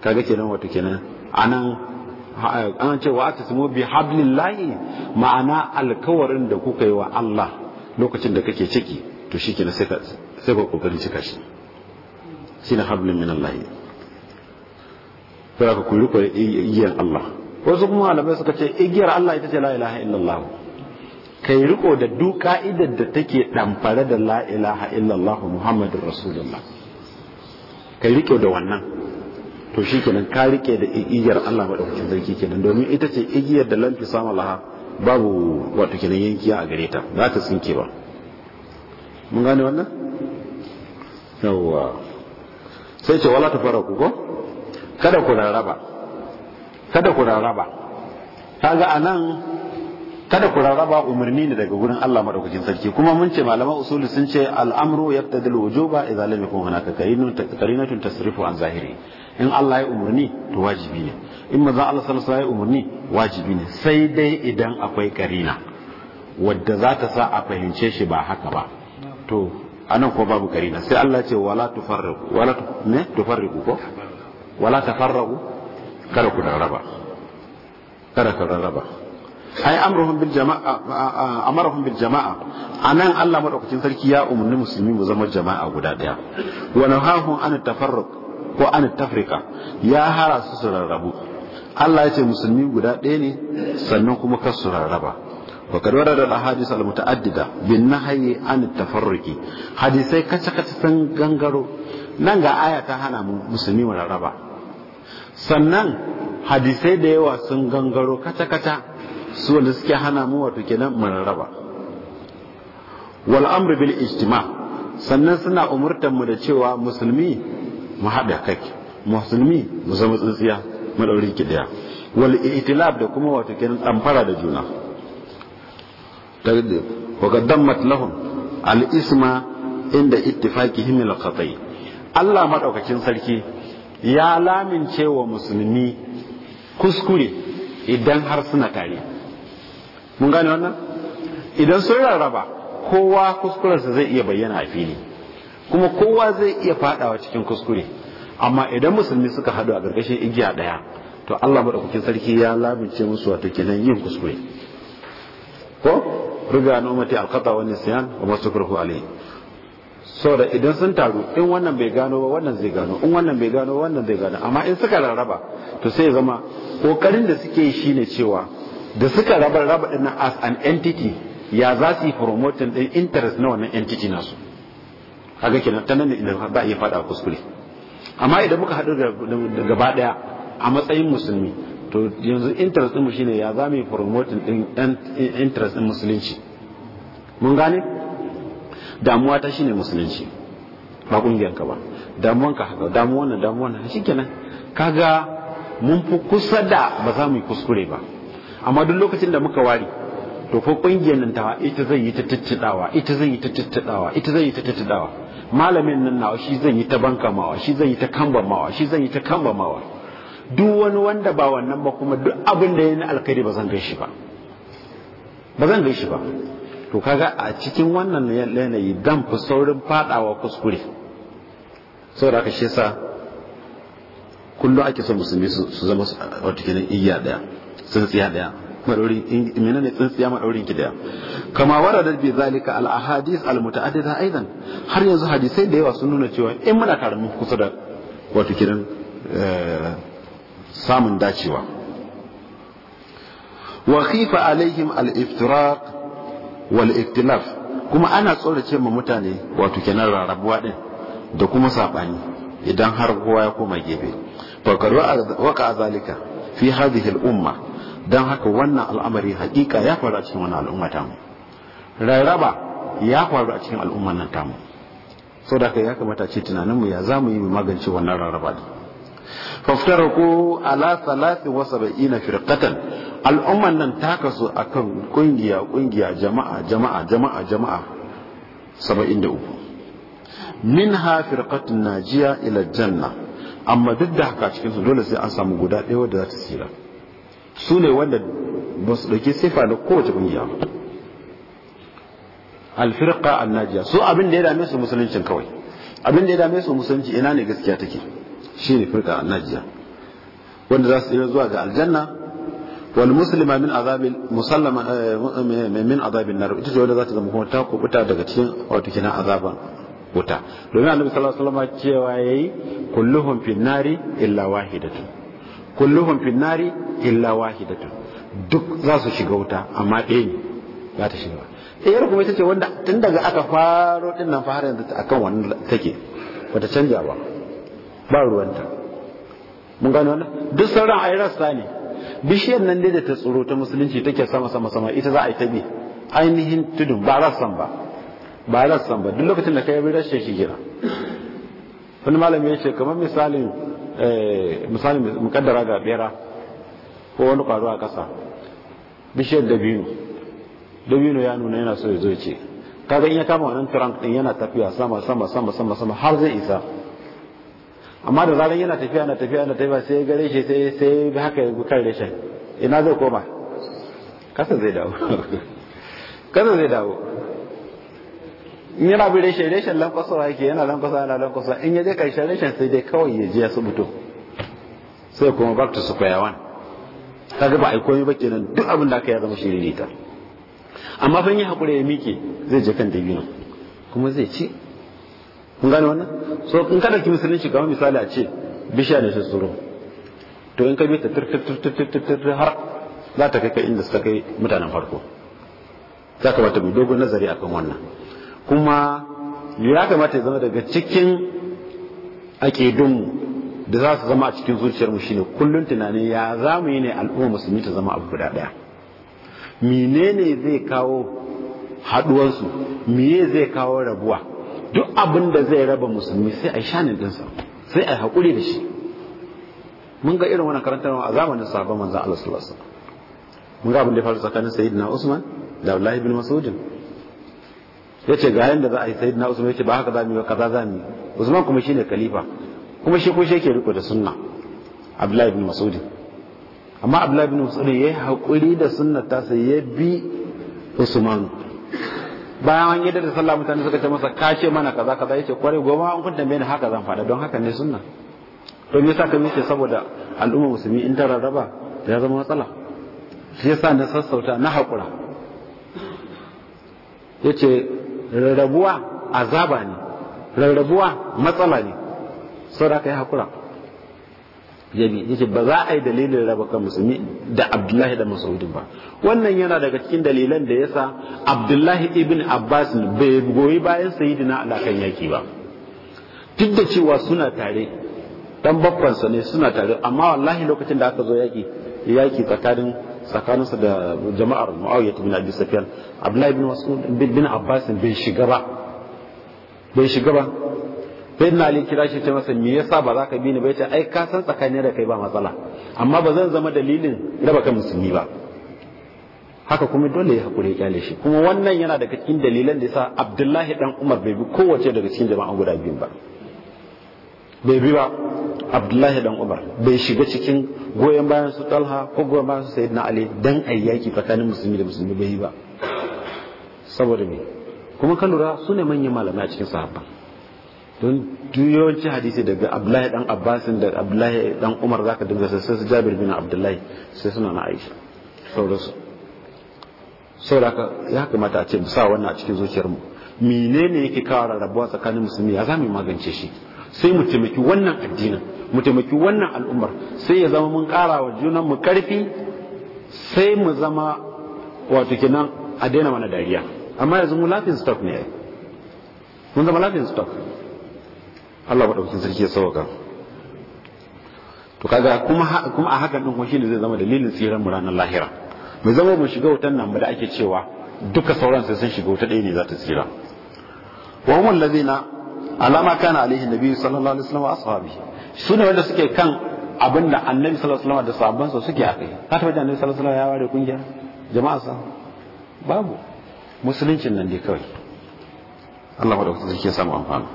kaga kenan wato kenan anan an ce wa atasimu bi hablillahi ma'ana alkawarin da kuka yi wa Allah lokacin da kake ciki to shi kenan sai ka sai ka kokarin cika shi shine hablun min Allah sai ka kuyi ko igiyan Allah wasu kuma malamai suka ce igiyar Allah ita ce la ilaha illallah kai riko da duk ka'idar da take damfare da la ilaha illallah muhammadur rasulullah kai riko da wannan to shi kenan ka rike da igiyar Allah maɗaukacin sarki kenan domin ita ce igiyar da lanti sama laha babu wato kenan yankiya a gare ta za ta tsinke ba mun gane wannan yawwa sai ce wala ta fara ku ko kada ku raraba kada ku raraba kaga anan kada ku rarraba umarni ne daga gurin Allah madaukakin sarki kuma mun ce malaman usuli sun ce al'amru yaqtadi wujuba idza lam yakun hunaka karinatun tasrifu an zahiri in Allah ya umarni to wajibi ne in manzo Allah sallallahu alaihi ya umarni wajibi ne sai dai idan akwai karina wadda za ta sa a fahimce shi ba haka ba to anan ko babu karina sai Allah ya ce wala tufarriqu wala ne tufarriqu ko wala tafarraqu kada ku rarraba kada ku rarraba ay amruhum bil jama'a amarahum bil jama'a anan Allah madaukakin sarki ya umarni musulmi mu zama jama'a guda daya wa nahahu an tafarruq ko an tafrika ya hara su rarrabu Allah ya ce musulmi guda ɗaya ne sannan kuma kar su rarraba wa kad warada al ahadith al mutaaddida bin nahyi an tafarruqi hadisai kace kace san gangaro nan ga aya ta hana mu musulmi mu rarraba sannan hadisai da yawa sun gangaro kaca kaca su wanda suke hana mu wato kenan mu wal amru bil ijtima sannan suna umurtar mu da cewa musulmi mu hada kai musulmi mu zama tsintsiya mu daure ki daya wal itilab da kuma wato kenan tsamfara da juna wa qaddamat lahum al isma inda ittifaqihim al khata'i Allah madaukakin sarki ya lamince wa musulmi kuskure idan har suna tare mun gane wannan idan sun rarraba kowa kuskurarsa zai iya bayyana a fili kuma kowa zai iya fadawa cikin kuskure amma idan musulmi suka haɗu a ƙarƙashin igiya ɗaya to Allah maɗaukakin sarki ya labince musu wato kenan yin kuskure ko riga na umarti alkata wani siyan wa masu kurhu alai saboda idan sun taru in wannan bai gano ba wannan zai gano in wannan bai gano wannan zai gano amma in suka rarraba to sai zama ƙoƙarin da suke yi shine cewa da suka raba raba din nan as an entity ya za su yi promoting din interest na wannan entity nasu kaga kenan ta nan idan za a iya fada kuskure amma idan muka haɗu gaba ɗaya a matsayin musulmi to yanzu interest ɗinmu shine ya za mu yi promoting ɗin interest ɗin musulunci mun gane damuwa ta shine musulunci ba ƙungiyar ka ba damuwan ka haka damuwan na damuwan na shi kenan kaga mun fi kusa da ba za mu yi kuskure ba amma duk lokacin da muka ware to fa kungiyar nan ta ita zan yi ta tattadawa ita zan yi ta tattadawa ita zan yi ta tattadawa malamin nan nawa shi zan yi ta banka mawa shi zan yi ta kamba mawa shi zan yi ta kamba mawa. duk wani wanda ba wannan ba kuma duk abin da ya na alkhairi ba zan gaishe ba ba zan gaishe ba to kaga a cikin wannan yanayi dan fi saurin fadawa kuskure saboda haka shi yasa kullum ake son musulmi su zama wata kenan iya daya tsintsiya daya madaurin ne tsintsiya madaurin ki daya kama warada bi zalika al ahadis al mutaaddida aidan har yanzu hadisai da yawa sun nuna cewa in muna karamin kusa da wato kiran eh, samun dacewa wa khifa alaihim al iftiraq wal iktilaf kuma ana tsorace ma mutane wato kenan rarrabuwa din da kuma sabani idan har kowa ya koma gefe fa karwa waka zalika fi hadhihi al umma don haka wannan al'amari hakika ya faru a cikin wani al'umma tamu rarraba ya faru a cikin al'umman nan tamu sau da ya kamata ce tunaninmu ya za mu yi mu magance wannan rarraba ne ko ala salati wa saba'ina firqatan al'umman nan ta kasu kan kungiya kungiya jama'a jama'a jama'a jama'a saba'in da uku minha firqatun najiya ila janna amma duk da haka cikin su dole sai an samu guda ɗaya wadda za ta tsira su ne wanda ba su ɗauki sifa da kowace ƙungiya ba alfirqa annajiya su abin da ya dame su musuluncin kawai abin da ya dame su musulunci ina ne gaskiya take shine firqa annajiya wanda za su tsira zuwa ga aljanna wal muslima min azabil musallama eh, min azabil nar ita ce wanda za ta zama kuma ta kubuta daga cikin wato kina azaban wuta domin annabi sallallahu alaihi wasallam cewa yayi kulluhum fi nari illa wahidatun kulluhum fi nari illa wahidatun duk za su shiga wuta amma ɗaya ne za ta shiga ɗayar kuma ita ce wanda tun daga aka faro ɗin nan fara yanzu akan wannan take ta canja ba ba ruwanta mun gano wannan duk sauran a yi rasta ne bishiyar nan dai da ta tsoro ta musulunci take sama sama sama ita za a yi ta ainihin tudun ba rassan ba ba rassan ba duk lokacin da ka yi rashin shi wani malami ya ce kamar misalin Eh, misali mukaddara ga bera ko wani kwaro a kasa bishiyar dabino dabino ya nuna yana so ya zo ce kaga in ya kama wannan trunk din yana tafiya sama sama sama sama sama har zai isa amma da zaran yana tafiya na tafiya na tafiya sai gare shi sai sai haka ya kan reshen ina zai koma kasa zai dawo kasa zai dawo yana bin reshen reshen lankwasa yake yana lankwasa yana lankwasa in ya je karshen reshen sai dai kawai ya je ya subuto sai kuma back to square one Ta ba a komai ba kenan duk abin da aka ya zama shiriri ta amma fa yi hakuri ya miƙe zai je kan dabino kuma zai ci kun gane wannan so in kada ki musulunci kamar misali a ce bishiya su tsoro to in ka bi ta tir har za ta kai inda suka kai mutanen farko za ka bata dogon nazari akan wannan kuma ya kamata ya zama daga cikin aƙidunmu da za su zama a cikin zuciyarmu shine kullum tunani ya za mu yi ne al'umma musulmi ta zama abu guda ɗaya menene zai kawo haɗuwarsu meye zai kawo rabuwa duk abin da zai raba musulmi sai a yi shanin dinsa sai a haƙuri da shi mun ga irin wannan karantarwa a zamanin sabon manzan Allah sallallahu alaihi mun ga abin da ya faru tsakanin sayyidina Usman da Abdullahi bin Masudin. ya ce ga yanda za a yi sai na usman ya ce ba haka za mu yi kaza za mu yi usman kuma shine khalifa kuma shi kuma shi yake riko da sunna abdullahi ibn masudi amma abdullahi ibn masudi ya yi hakuri da sunnar ta sai ya bi usman bayan an yadda da sallah mutane suka ce masa ka ce mana kaza kaza yace kwarai goma an kun mai na haka zan faɗa don haka ne sunna to me yasa ka ce saboda al'umma musulmi in ta rarraba ya zama matsala shi yasa na sassauta na hakura yace rarrabuwa azaba ne rarrabuwa matsala ne sau da yi haƙura. hakura yabi yace ba za a yi dalilin raba kan musulmi da Abdullahi da Mas'udin ba wannan yana daga cikin dalilan da ya sa Abdullahi ibn Abbas bai goyi bayan sayyidina Ali alakan yaki ba duk da cewa suna tare dan baffansa ne suna tare amma wallahi lokacin da aka zo yaki yaki tsakanin tsakaninsa da jama'ar muawiya ibn abi sufyan abdullahi bin wasu bin abbas bai shiga ba bai shiga ba sai na ali kira shi ce masa me yasa ba za ka bi ni ba yace ai ka san tsakanin da kai ba matsala amma ba zan zama dalilin raba kan musulmi ba haka kuma dole ya hakuri ya kyale shi kuma wannan yana daga cikin dalilan da sa abdullahi dan umar bai bi kowace daga cikin jama'an guda biyu ba bai bi ba abdullahi dan umar bai shiga cikin goyon bayan su talha ko goyon bayan su na ali dan ayyaki tsakanin musulmi da musulmi bai yi ba saboda me kuma ka lura su ne manyan malamai a cikin sahabba don yawanci hadisi daga abdullahi dan abbasin da abdullahi dan umar zaka dinga sai su jabir bin abdullahi sai suna na aisha sauransu saboda haka ya kamata a ce mu sa wannan a cikin zuciyarmu menene yake kawo rarrabuwa tsakanin musulmi ya za mu magance shi sai mu taimaki wannan addinin mu taimaki wannan al'ummar sai ya zama mun ƙara wa junan mu karfi sai mu zama wato kenan a daina mana dariya amma yanzu mu lafin stock ne mun zama lafin stock Allah madaukakin sarki ya sauka to kaga kuma kuma a hakan din kuma shine zai zama dalilin tsiran mu ranar lahira mu zama mu shiga wutan nan da ake cewa duka sauran sai sun shiga wuta ɗaya ne za ta tsira wa hum ladina alama kana alaihi nabi sallallahu alaihi wasallam wa ashabi su ne wanda suke kan abin da annabi sallallahu alaihi wasallam da sahabban sa suke akai ka ta annabi sallallahu alaihi wasallam ya ware kungiya jama'a sa babu musuluncin nan dai kawai Allah madaukakin da ya samu amfani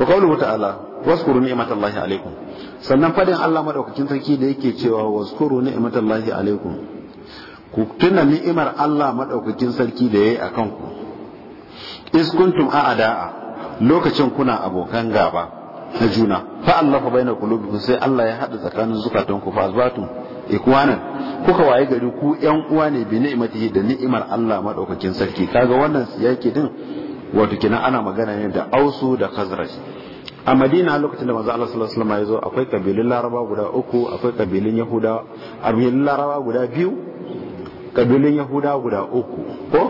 wa qawluhu ta'ala waskuru ni'matallahi alaikum sannan fadin Allah madaukakin sarki da yake cewa waskuru ni'matallahi alaikum ku tuna ni'imar Allah madaukakin sarki da yayi akan ku iskuntum a'da'a lokacin kuna abokan gaba na juna fa Allahu baina qulubikum sai Allah ya hada tsakanin ku fa azbatum ikwanan kuka waye gari ku yan uwa ne bi ni'matihi da ni'imar Allah madaukakin sarki kaga wannan siyaki din wato kina ana magana ne da Ausu da Khazraj a Madina lokacin da manzo Allah sallallahu alaihi ya zo akwai kabilun Laraba guda uku akwai kabilun Yahuda kabilun Laraba guda biyu kabilun Yahuda guda uku ko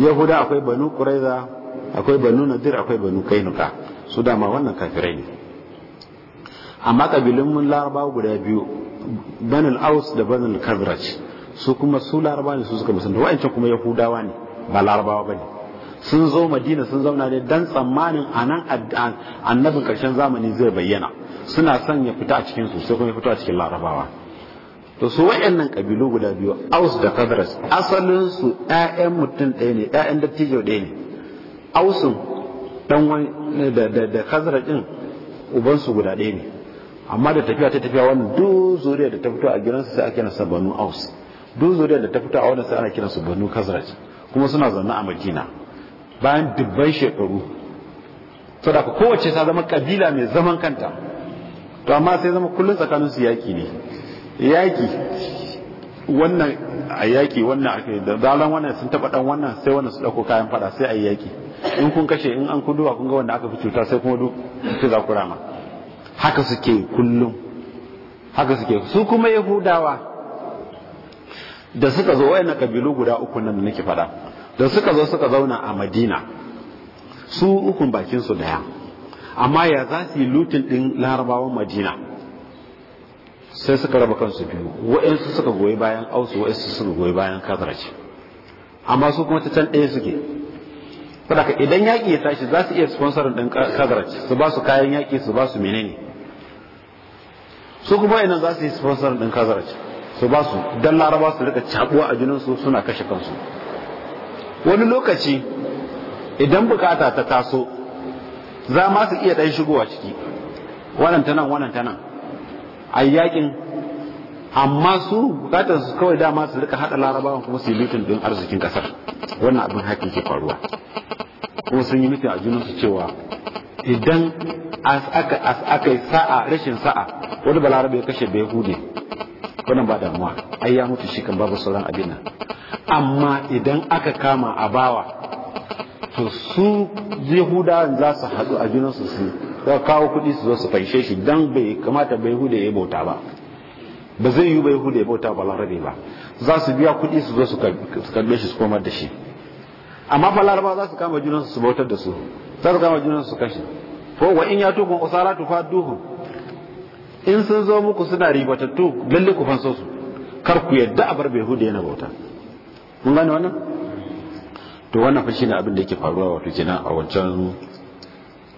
yahuda akwai banu quraiza akwai banu nadir akwai banu kainuka su dama wannan kafirai ne amma kabilun mun laraba guda biyu banul aus da banul khazraj su kuma su laraba ne su suka musulunta wa'ancan kuma yahudawa ne ba larabawa ba ne sun zo madina sun zauna ne dan tsammanin anan nan annabin karshen zamani zai bayyana suna son ya fita a cikin sai kuma ya fito a cikin larabawa to su wayannan ƙabilu guda biyu aus da khazraj asalin su ƴaƴan mutum ɗaya ne ƴaƴan dattijo ɗaya ne aus dan wani da da da khazraj din uban su guda ɗaya ne amma da tafiya ta tafiya wannan duk zuriya da ta fito a su sai ake nasa banu aus duk zuriya da ta fito a wannan sai ana su banu khazraj kuma suna zanna a madina bayan dubban shekaru to da kowace ta zama kabila mai zaman kanta to amma sai zama kullun tsakanin su yaki ne yaki wannan a yaki wannan da zalan wannan sun taba dan wannan sai wannan su dauko kayan fada sai a yaki in kun kashe in an kuduwa kun ga wanda aka fi cuta sai kuma duk ku za ku rama haka suke kullum haka suke su kuma yahudawa da suka zo wayannan kabilu guda uku nan da nake fada da suka zo suka zauna a madina su ukun bakin su daya amma ya za su yi lutin din larabawan madina sai suka raba kansu biyu waɗansu suka goyi bayan ausu waɗansu suka goyi bayan kazarci amma su kuma ta can ɗaya suke saboda idan yaƙi ya tashi za su iya sponsor ɗin kazarci su ba su kayan yaƙi su ba su menene su kuma idan za su yi sponsor ɗin kazarci su ba su dan laraba su rika cabuwa a jininsu suna kashe kansu wani lokaci idan bukata ta taso za ma su iya ɗan shigowa ciki wannan ta nan wannan ta nan a yakin amma su bukatar su kawai dama su rika hada larabawan kuma su yi litin din arzikin kasar wannan abin haƙi ke faruwa kuma sun yi mitin a junan su cewa idan aka yi sa'a rashin sa'a wani balarabe ya kashe bai hude wannan ba damuwa ai ya mutu shi kan babu sauran abin nan amma idan aka kama a bawa to su yahudawan za su haɗu a junan su za kawo kuɗi su zo su fanshe shi don bai kamata bai hude ya bauta ba ba zai yi bai hude ya bauta ba larabe ba za su biya kuɗi su zo su karɓe shi su koma da shi amma fa laraba za su kama junan su bautar da su za su kama junan su kashe ko wa in ya tukun usara tufa duhu in sun zo muku suna ribatattu lalle ku fanso su kar ku yadda a bar bai hude yana bauta mun gane wannan to wannan fa shine abin da yake faruwa wato kenan a wancan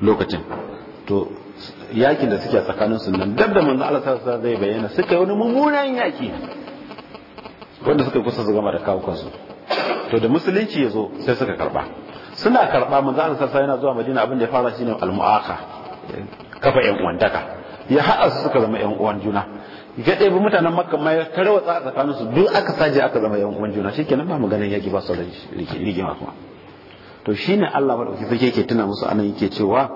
lokacin to yakin da suke tsakanin su nan dab da manzo Allah sallallahu zai bayyana suka yi wani mummunan yaki wanda suka kusa su gama da kawo kansu to da musulunci ya zo sai suka karba suna karba manzo Allah sallallahu yana zuwa Madina abin da ya fara shine al-mu'aka kafa yan uwantaka ya haɗa su suka zama yan uwan juna ga ɗaya mutanen makka ma ya watsa a tsakanin su duk aka saje aka zama yan uwan juna shi kenan ba mu ganin yaki ba da rigima kuma to shine Allah madauki ke yake tuna musu anan yake cewa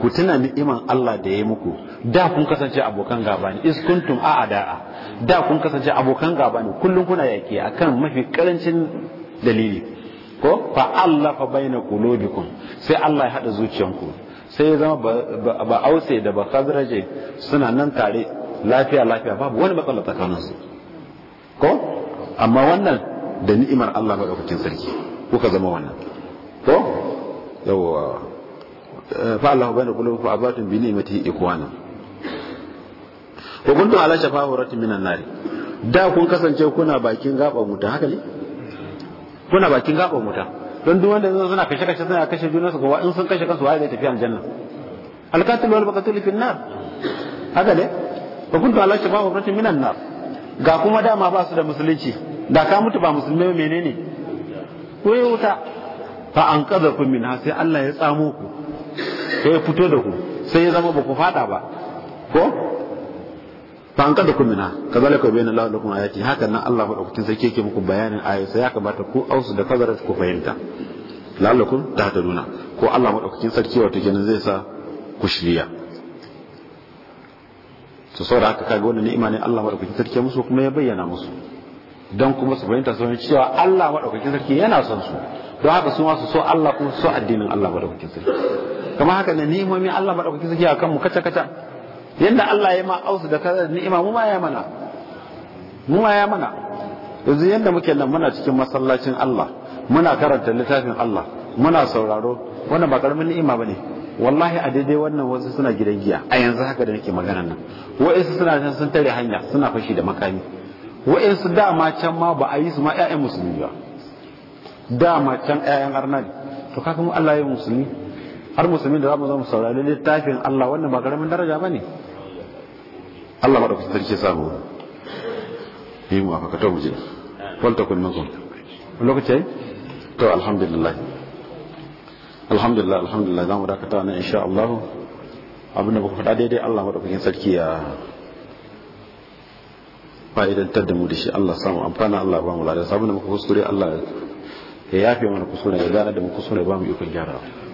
ku tuna ni'iman Allah da ya yi muku da kun kasance abokan gaba ne is kuntum a'da'a da kun kasance abokan gaba ne kullun kuna yaki akan mafi karancin dalili ko fa Allah fa baina qulubikum sai Allah ya hada zuciyanku sai ya zama ba ause da ba kazraje suna nan tare lafiya lafiya babu wani matsala tsakanin su ko amma wannan da ni'imar Allah madaukakin sarki kuka zama wannan ko yawwa eh, fa Allahu bayna qulubikum fa azatun bi ni'mati ikwana ko kuntum ala shafa huratin minan nari da kun kasance kuna bakin gaban wuta haka ne kuna bakin gaban wuta don duk wanda suna kashe kashe suna kashe su kuma in sun kashe kansu waye zai tafi aljanna alkatul wal maqtul fi nar haka ne fa kuntu ala shafa hufratin minan nar ga kuma dama ba su da musulunci da ka mutu ba musulmai menene ko wuta fa an kaza ku min sai Allah ya tsamo ku sai ya fito da ku sai ya zama ba ku fada ba ko fa an kaza ku min kazalika bayyana Allah lakum ayati hakan nan Allah madaukakin sai yake muku bayanin ayoyi ya kamata ku ausu da kazara ku fahimta ta nuna ko Allah madaukakin sarki wato kenan zai sa ku shirya to saboda haka kaga wannan ni'ima ne Allah madaukakin sarki musu kuma ya bayyana musu dan kuma su fahimta su cewa Allah madaukakin sarki yana son su don haka su ma su so Allah kuma su so addinin Allah madaukakin sarki kamar haka ne ni'imomi Allah madaukakin sarki akan mu kaca kaca yanda Allah ya ma ausu da kaza ni'ima mu ma ya mana mu ma ya mana yanzu yanda muke nan muna cikin masallacin Allah muna karanta littafin Allah muna sauraro wannan ba karamin ni'ima bane wallahi a daidai wannan wasu suna gidan giya a yanzu haka da nake magana nan wa'insu suna nan sun tare hanya suna fashi da makami wa'insu dama can ma ba a yi su ma 'ya'yan musulmi ba dama can 'ya'yan arna ne to kaka mu Allah ya musulmi har musulmi da za mu zo mu saurari littafin Allah wannan ba karamin daraja ba ne Allah ba da kusa sarki samu yi mu a fakatar mu je wal takun minkum lokaci to alhamdulillah alhamdulillah alhamdulillah za mu dakata nan insha Allah abinda muka faɗa daidai Allah madaukakin sarki ya fa'idantar da mu da shi Allah samu amfana Allah ba mu lada ladan da muka kusure Allah ya yafe mana kusure ya zana da mu kusure ba mu ikon gyara